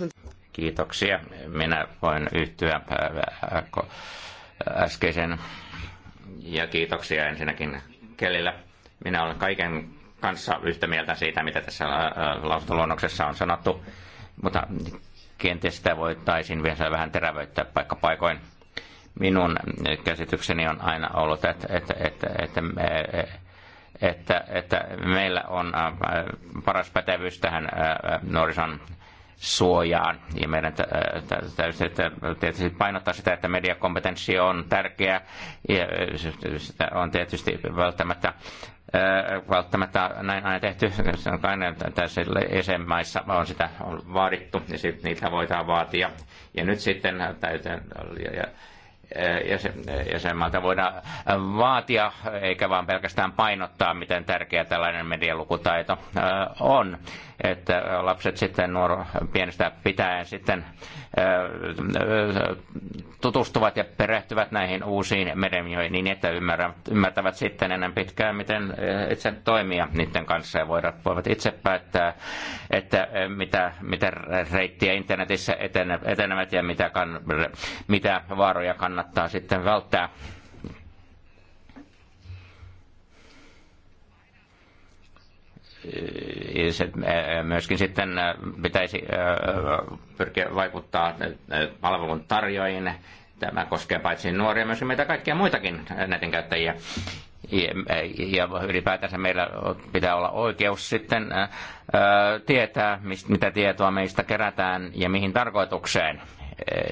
Kiitoksia. Minä voin yhtyä äh, äh, äskeiseen. ja kiitoksia ensinnäkin Kelillä. Minä olen kaiken kanssa yhtä mieltä siitä, mitä tässä lausuntoluonnoksessa on sanottu, mutta Kenties sitä voitaisiin vielä vähän terävöittää paikka paikoin. Minun käsitykseni on aina ollut, että, että, että, että, että, että meillä on äh, paras pätevyys tähän äh, äh, nuorison suojaan. Ja meidän täytyy tietysti painottaa sitä, että mediakompetenssi on tärkeä ja sitä on tietysti välttämättä välttämättä näin aina tehty, se on aina tässä jäsenmaissa on sitä on vaadittu ja sitten niitä voidaan vaatia. Ja nyt sitten täytyy, ja, Eh, eh, jäsenmaalta voidaan eh, vaatia, eikä vaan pelkästään painottaa, miten tärkeä tällainen medialukutaito on. Että lapset sitten nuor, pienestä pitäen sitten tutustuvat ja perehtyvät näihin uusiin meremioihin niin, että ymmärtävät, ymmärtävät sitten ennen pitkään, miten eh, itse toimia niiden kanssa ja voivat, voivat itse päättää, että eh, mitä, mitä reittiä internetissä etenevät ja mitä, kann, mitä vaaroja kannattaa sitten välttää. myöskin sitten pitäisi pyrkiä vaikuttaa palvelun tarjoajiin. Tämä koskee paitsi nuoria, myös meitä kaikkia muitakin näiden käyttäjiä. Ja ylipäätänsä meillä pitää olla oikeus sitten tietää, mitä tietoa meistä kerätään ja mihin tarkoitukseen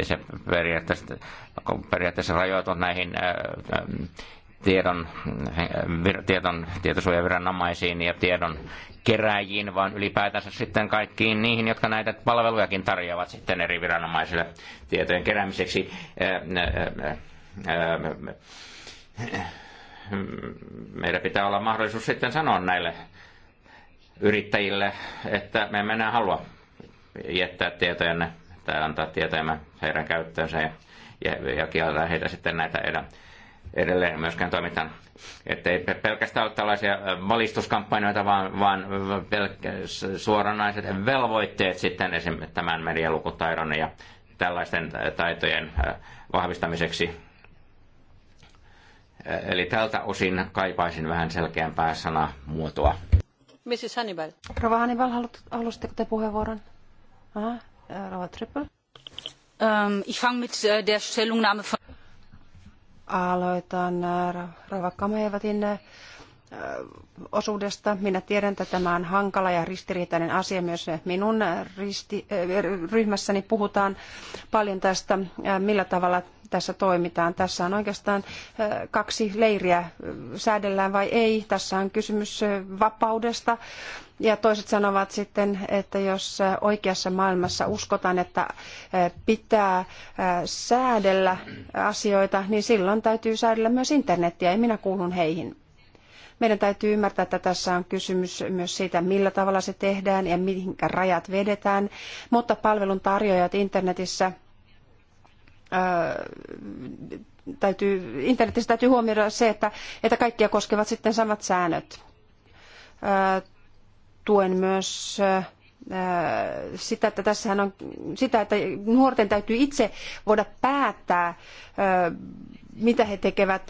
se periaatteessa, periaatteessa rajoitut näihin tiedon, vir, tiedon, tietosuojaviranomaisiin ja tiedon kerääjiin, vaan ylipäätänsä sitten kaikkiin niihin, jotka näitä palvelujakin tarjoavat sitten eri viranomaisille tietojen keräämiseksi. Meidän pitää olla mahdollisuus sitten sanoa näille yrittäjille, että me emme enää halua jättää tietojanne tai antaa tietojamme heidän käyttöönsä ja, ja, ja heitä sitten näitä edellä edelleen myöskään toimitaan. Että ei pelkästään ole tällaisia valistuskampanjoita, vaan, vaan pelk- suoranaiset velvoitteet sitten esimerkiksi tämän medialukutaidon ja tällaisten taitojen vahvistamiseksi. Eli tältä osin kaipaisin vähän selkeämpää sanaa muotoa. Mrs. Hannibal. Rova Hannibal, halusitteko te puheenvuoron? Aha, Rova Triple. Ähm, ich fange mit äh, der Stellungnahme von Aloitan äh, Rova Kamevatin äh, osuudesta. Minä tiedän, että tämä on hankala ja ristiriitainen asia. Myös minun risti, äh, ryhmässäni puhutaan paljon tästä, millä tavalla tässä toimitaan. Tässä on oikeastaan kaksi leiriä, säädellään vai ei. Tässä on kysymys vapaudesta ja toiset sanovat sitten, että jos oikeassa maailmassa uskotaan, että pitää säädellä asioita, niin silloin täytyy säädellä myös internetiä ja minä kuulun heihin. Meidän täytyy ymmärtää, että tässä on kysymys myös siitä, millä tavalla se tehdään ja mihinkä rajat vedetään, mutta palvelun tarjoajat internetissä täytyy, internetissä täytyy huomioida se, että, että kaikkia koskevat sitten samat säännöt. Tuen myös sitä, että tässähän on sitä, että nuorten täytyy itse voida päättää, mitä he tekevät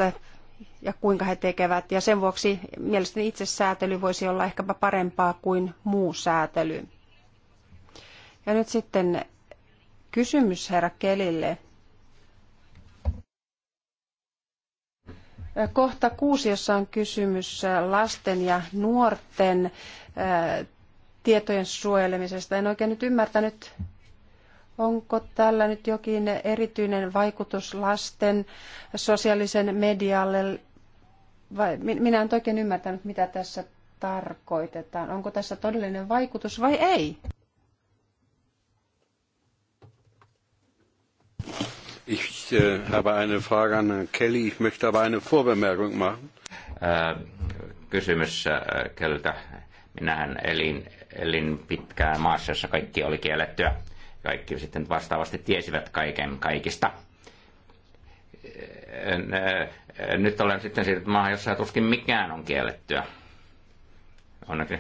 ja kuinka he tekevät. Ja sen vuoksi mielestäni itsesäätely voisi olla ehkäpä parempaa kuin muu säätely. Ja nyt sitten kysymys herra Kelille. kohta kuusi, jossa on kysymys lasten ja nuorten tietojen suojelemisesta. En oikein nyt ymmärtänyt, onko tällä nyt jokin erityinen vaikutus lasten sosiaalisen medialle, vai minä en oikein ymmärtänyt, mitä tässä tarkoitetaan. Onko tässä todellinen vaikutus vai ei? Ich äh, habe eine Frage an Herrn äh, Kelly. Ich möchte aber eine Vorbemerkung machen. Äh, kysymys äh, Kellyltä. Minähän elin, elin pitkään maassa, jossa kaikki oli kiellettyä. Kaikki sitten vastaavasti tiesivät kaiken kaikista. Äh, nyt olen sitten siirtynyt maahan, jossa tuskin mikään on kiellettyä. Onneksi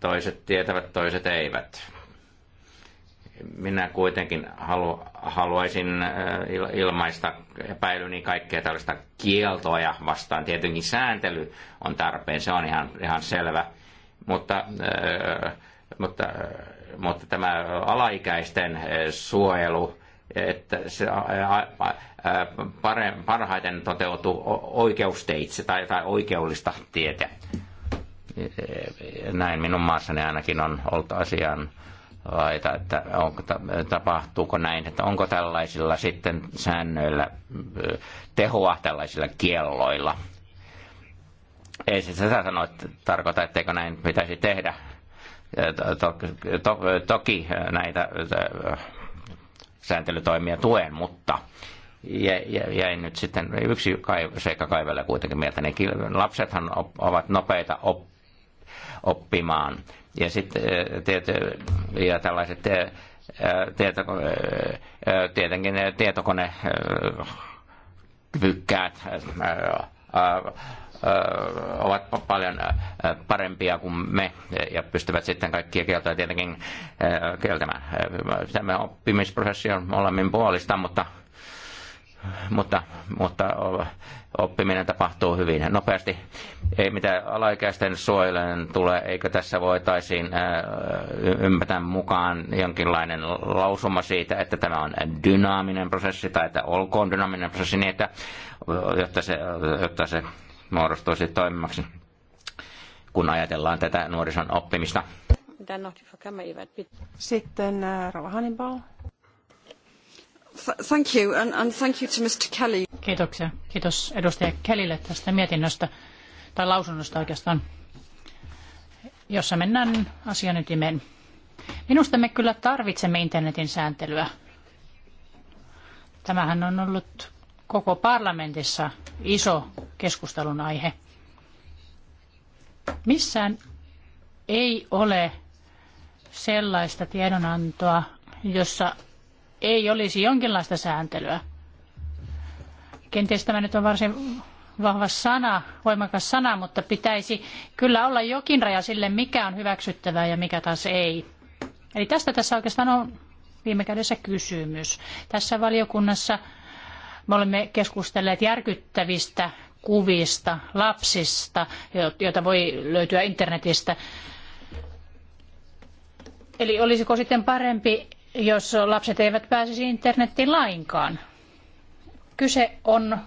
toiset tietävät, toiset eivät minä kuitenkin halu, haluaisin äh, ilmaista epäilyni kaikkea tällaista kieltoa ja vastaan. Tietenkin sääntely on tarpeen, se on ihan, ihan selvä. Mutta, äh, mutta, äh, mutta tämä alaikäisten suojelu, että se parhaiten toteutuu oikeusteitse tai, tai oikeudellista tietä näin minun maassani ainakin on ollut asiaan laita, että onko, tapahtuuko näin, että onko tällaisilla sitten säännöillä tehoa tällaisilla kielloilla. Ei se sitä sano, että tarkoita, etteikö näin pitäisi tehdä. To, to, toki näitä sääntelytoimia tuen, mutta jäin nyt sitten yksi seikka kaivella kuitenkin mieltä. lapsethan ovat nopeita oppimaan ja, sitten, tieto ja tällaiset tieto, tietenkin tietokone kyvykkäät ovat paljon parempia kuin me ja pystyvät sitten kaikkia kieltoja tietenkin kieltämään. Tämä oppimisprosessi on molemmin puolista, mutta mutta, mutta oppiminen tapahtuu hyvin nopeasti. Ei mitään alaikäisten suojelen tule, eikö tässä voitaisiin äh, ympätä mukaan jonkinlainen lausuma siitä, että tämä on dynaaminen prosessi tai että olkoon dynaaminen prosessi niin, että, jotta, se, jotta se muodostuisi toimimaksi, kun ajatellaan tätä nuorison oppimista. Sitten äh, Rova Hannibal. Thank you, and, and thank you to Mr. Kelly. Kiitoksia. Kiitos edustaja Kellylle tästä mietinnöstä, tai lausunnosta oikeastaan, jossa mennään asian ytimeen. Minusta me kyllä tarvitsemme internetin sääntelyä. Tämähän on ollut koko parlamentissa iso keskustelun aihe. Missään ei ole sellaista tiedonantoa, jossa ei olisi jonkinlaista sääntelyä. Kenties tämä nyt on varsin vahva sana, voimakas sana, mutta pitäisi kyllä olla jokin raja sille, mikä on hyväksyttävää ja mikä taas ei. Eli tästä tässä oikeastaan on viime kädessä kysymys. Tässä valiokunnassa me olemme keskustelleet järkyttävistä kuvista, lapsista, joita voi löytyä internetistä. Eli olisiko sitten parempi jos lapset eivät pääsisi internettiin lainkaan. Kyse on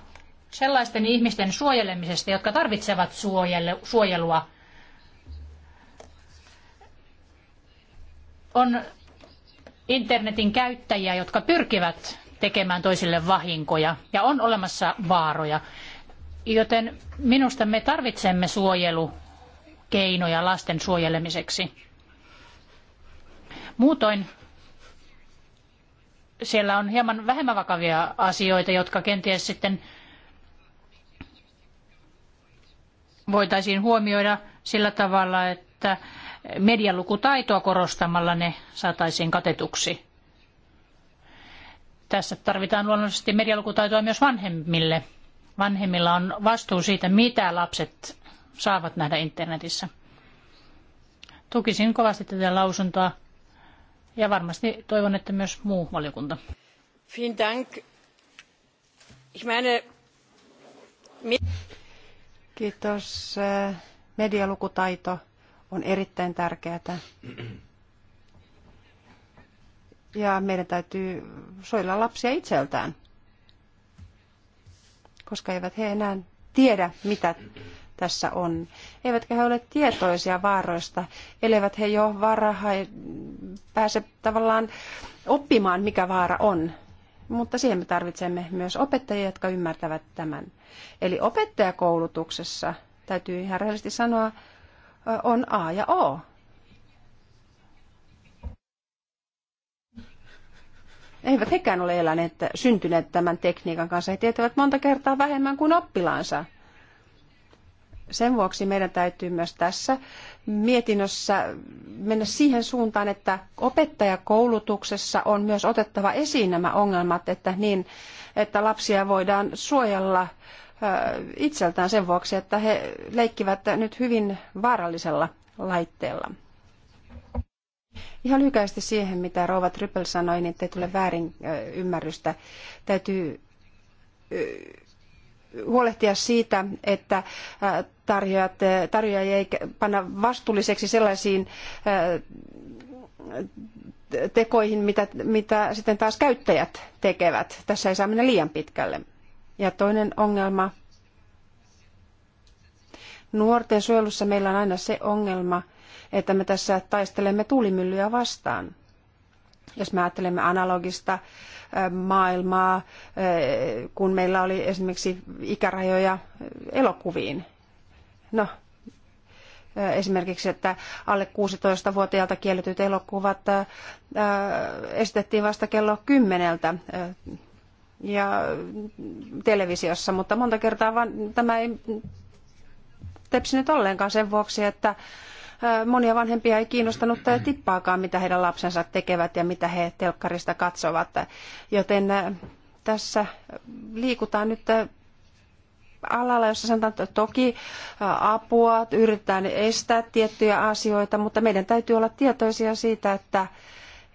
sellaisten ihmisten suojelemisesta, jotka tarvitsevat suojelua. On internetin käyttäjiä, jotka pyrkivät tekemään toisille vahinkoja ja on olemassa vaaroja. Joten minusta me tarvitsemme suojelukeinoja lasten suojelemiseksi. Muutoin siellä on hieman vähemmän vakavia asioita, jotka kenties sitten voitaisiin huomioida sillä tavalla, että medialukutaitoa korostamalla ne saataisiin katetuksi. Tässä tarvitaan luonnollisesti medialukutaitoa myös vanhemmille. Vanhemmilla on vastuu siitä, mitä lapset saavat nähdä internetissä. Tukisin kovasti tätä lausuntoa. Ja varmasti toivon, että myös muu valiokunta. Vielen Dank. Ich meine, Kiitos. Medialukutaito on erittäin tärkeää. Ja meidän täytyy suojella lapsia itseltään, koska eivät he enää tiedä, mitä tässä on. Eivätkä he ole tietoisia vaaroista, elevät he jo varhain pääse tavallaan oppimaan, mikä vaara on. Mutta siihen me tarvitsemme myös opettajia, jotka ymmärtävät tämän. Eli opettajakoulutuksessa, täytyy ihan rehellisesti sanoa, on A ja O. Eivät hekään ole eläneet, syntyneet tämän tekniikan kanssa. He tietävät monta kertaa vähemmän kuin oppilaansa sen vuoksi meidän täytyy myös tässä mietinnössä mennä siihen suuntaan, että opettajakoulutuksessa on myös otettava esiin nämä ongelmat, että, niin, että lapsia voidaan suojella itseltään sen vuoksi, että he leikkivät nyt hyvin vaarallisella laitteella. Ihan lyhyesti siihen, mitä Rova Trypel sanoi, niin ettei tule väärin ymmärrystä. Täytyy huolehtia siitä, että tarjoajat, tarjoajia ei panna vastuulliseksi sellaisiin tekoihin, mitä, mitä sitten taas käyttäjät tekevät. Tässä ei saa mennä liian pitkälle. Ja toinen ongelma. Nuorten suojelussa meillä on aina se ongelma, että me tässä taistelemme tuulimyllyjä vastaan. Jos me ajattelemme analogista äh, maailmaa, kun meillä oli esimerkiksi ikärajoja elokuviin. No, esimerkiksi, että alle 16-vuotiaalta kielletyt elokuvat esitettiin vasta kello kymmeneltä ja televisiossa, mutta monta kertaa vaan tämä ei tepsinyt ollenkaan sen vuoksi, että monia vanhempia ei kiinnostanut tippaakaan, mitä heidän lapsensa tekevät ja mitä he telkkarista katsovat. Joten tässä liikutaan nyt alalla, jossa sanotaan, että toki apua, yritetään estää tiettyjä asioita, mutta meidän täytyy olla tietoisia siitä, että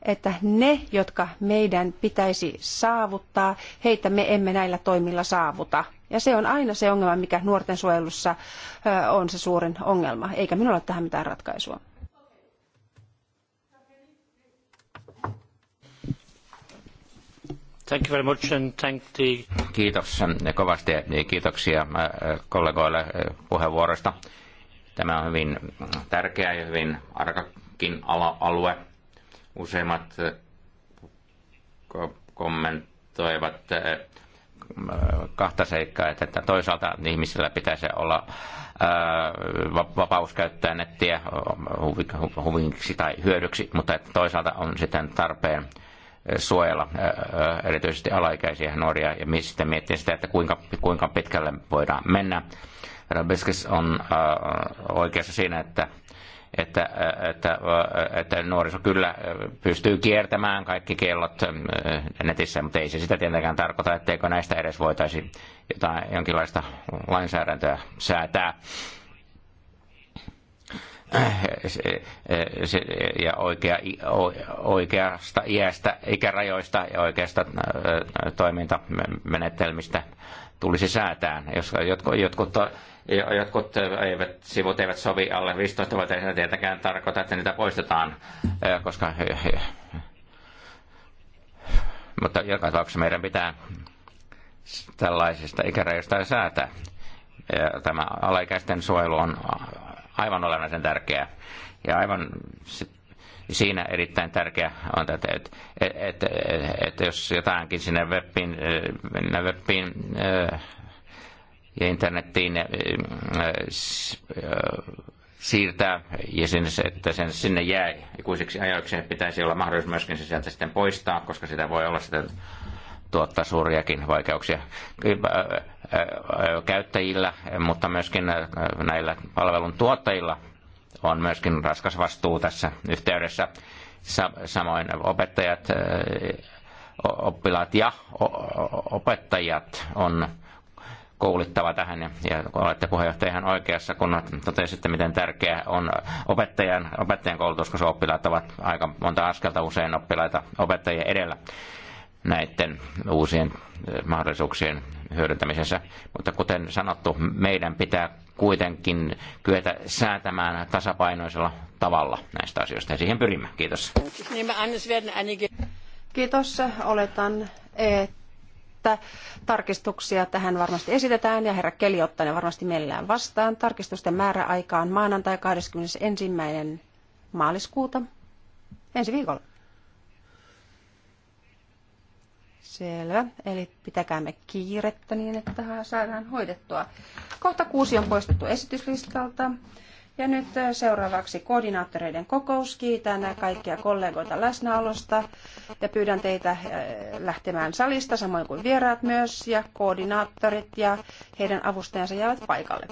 että ne, jotka meidän pitäisi saavuttaa, heitä me emme näillä toimilla saavuta. Ja se on aina se ongelma, mikä nuorten suojelussa on se suurin ongelma, eikä minulla ole tähän mitään ratkaisua. Kiitos kovasti ja kiitoksia kollegoille puheenvuoroista. Tämä on hyvin tärkeä ja hyvin arkakin alue. Useimmat kommentoivat kahta seikkaa, että toisaalta ihmisillä pitäisi olla vapaus käyttää nettiä huviksi tai hyödyksi, mutta että toisaalta on sitten tarpeen suojella erityisesti alaikäisiä nuoria ja sitten miettiä sitä, että kuinka, kuinka pitkälle voidaan mennä. Rabiskis on oikeassa siinä, että että, että, että nuoriso kyllä pystyy kiertämään kaikki kellot ähm, netissä, mutta ei se sitä tietenkään tarkoita, etteikö näistä edes voitaisiin jotain, jonkinlaista lainsäädäntöä säätää. ja oikea, oikeasta iästä, ikärajoista ja oikeasta äh, toimintamenetelmistä tulisi säätää. Jos jotkut, jotkut, jotkut eivät, sivut eivät sovi alle 15 vuotta, ei tietenkään tarkoita, että niitä poistetaan, koska... Mutta joka tapauksessa meidän pitää tällaisista ikärajoista säätää. Tämä alaikäisten suojelu on aivan olennaisen tärkeää. Ja aivan sit siinä erittäin tärkeä on, että, että, että, että jos jotainkin sinne webin, webin ja internettiin äh, siirtää ja sinne, että sen sinne jää ikuisiksi ajoiksi niin pitäisi olla mahdollisuus myöskin se sieltä sitten poistaa, koska sitä voi olla sitten tuottaa suuriakin vaikeuksia äh, äh, käyttäjillä, mutta myöskin näillä palvelun tuottajilla on myöskin raskas vastuu tässä yhteydessä. Samoin opettajat, oppilaat ja opettajat on koulittava tähän. Ja olette puheenjohtaja ihan oikeassa, kun totesitte, miten tärkeää on opettajan, opettajan koulutus, koska oppilaat ovat aika monta askelta usein oppilaita opettajia edellä näiden uusien eh, mahdollisuuksien hyödyntämisessä. Mutta kuten sanottu, meidän pitää kuitenkin kyetä säätämään tasapainoisella tavalla näistä asioista ja siihen pyrimme. Kiitos. Kiitos. Oletan, että tarkistuksia tähän varmasti esitetään ja herra Keli ottaa ne varmasti mielellään vastaan. Tarkistusten määräaika on maanantai 21. maaliskuuta ensi viikolla. Selvä. Eli pitäkäämme kiirettä niin, että saadaan hoidettua. Kohta kuusi on poistettu esityslistalta. Ja nyt seuraavaksi koordinaattoreiden kokous. Kiitän kaikkia kollegoita läsnäolosta ja pyydän teitä lähtemään salista, samoin kuin vieraat myös, ja koordinaattorit ja heidän avustajansa jäävät paikalle.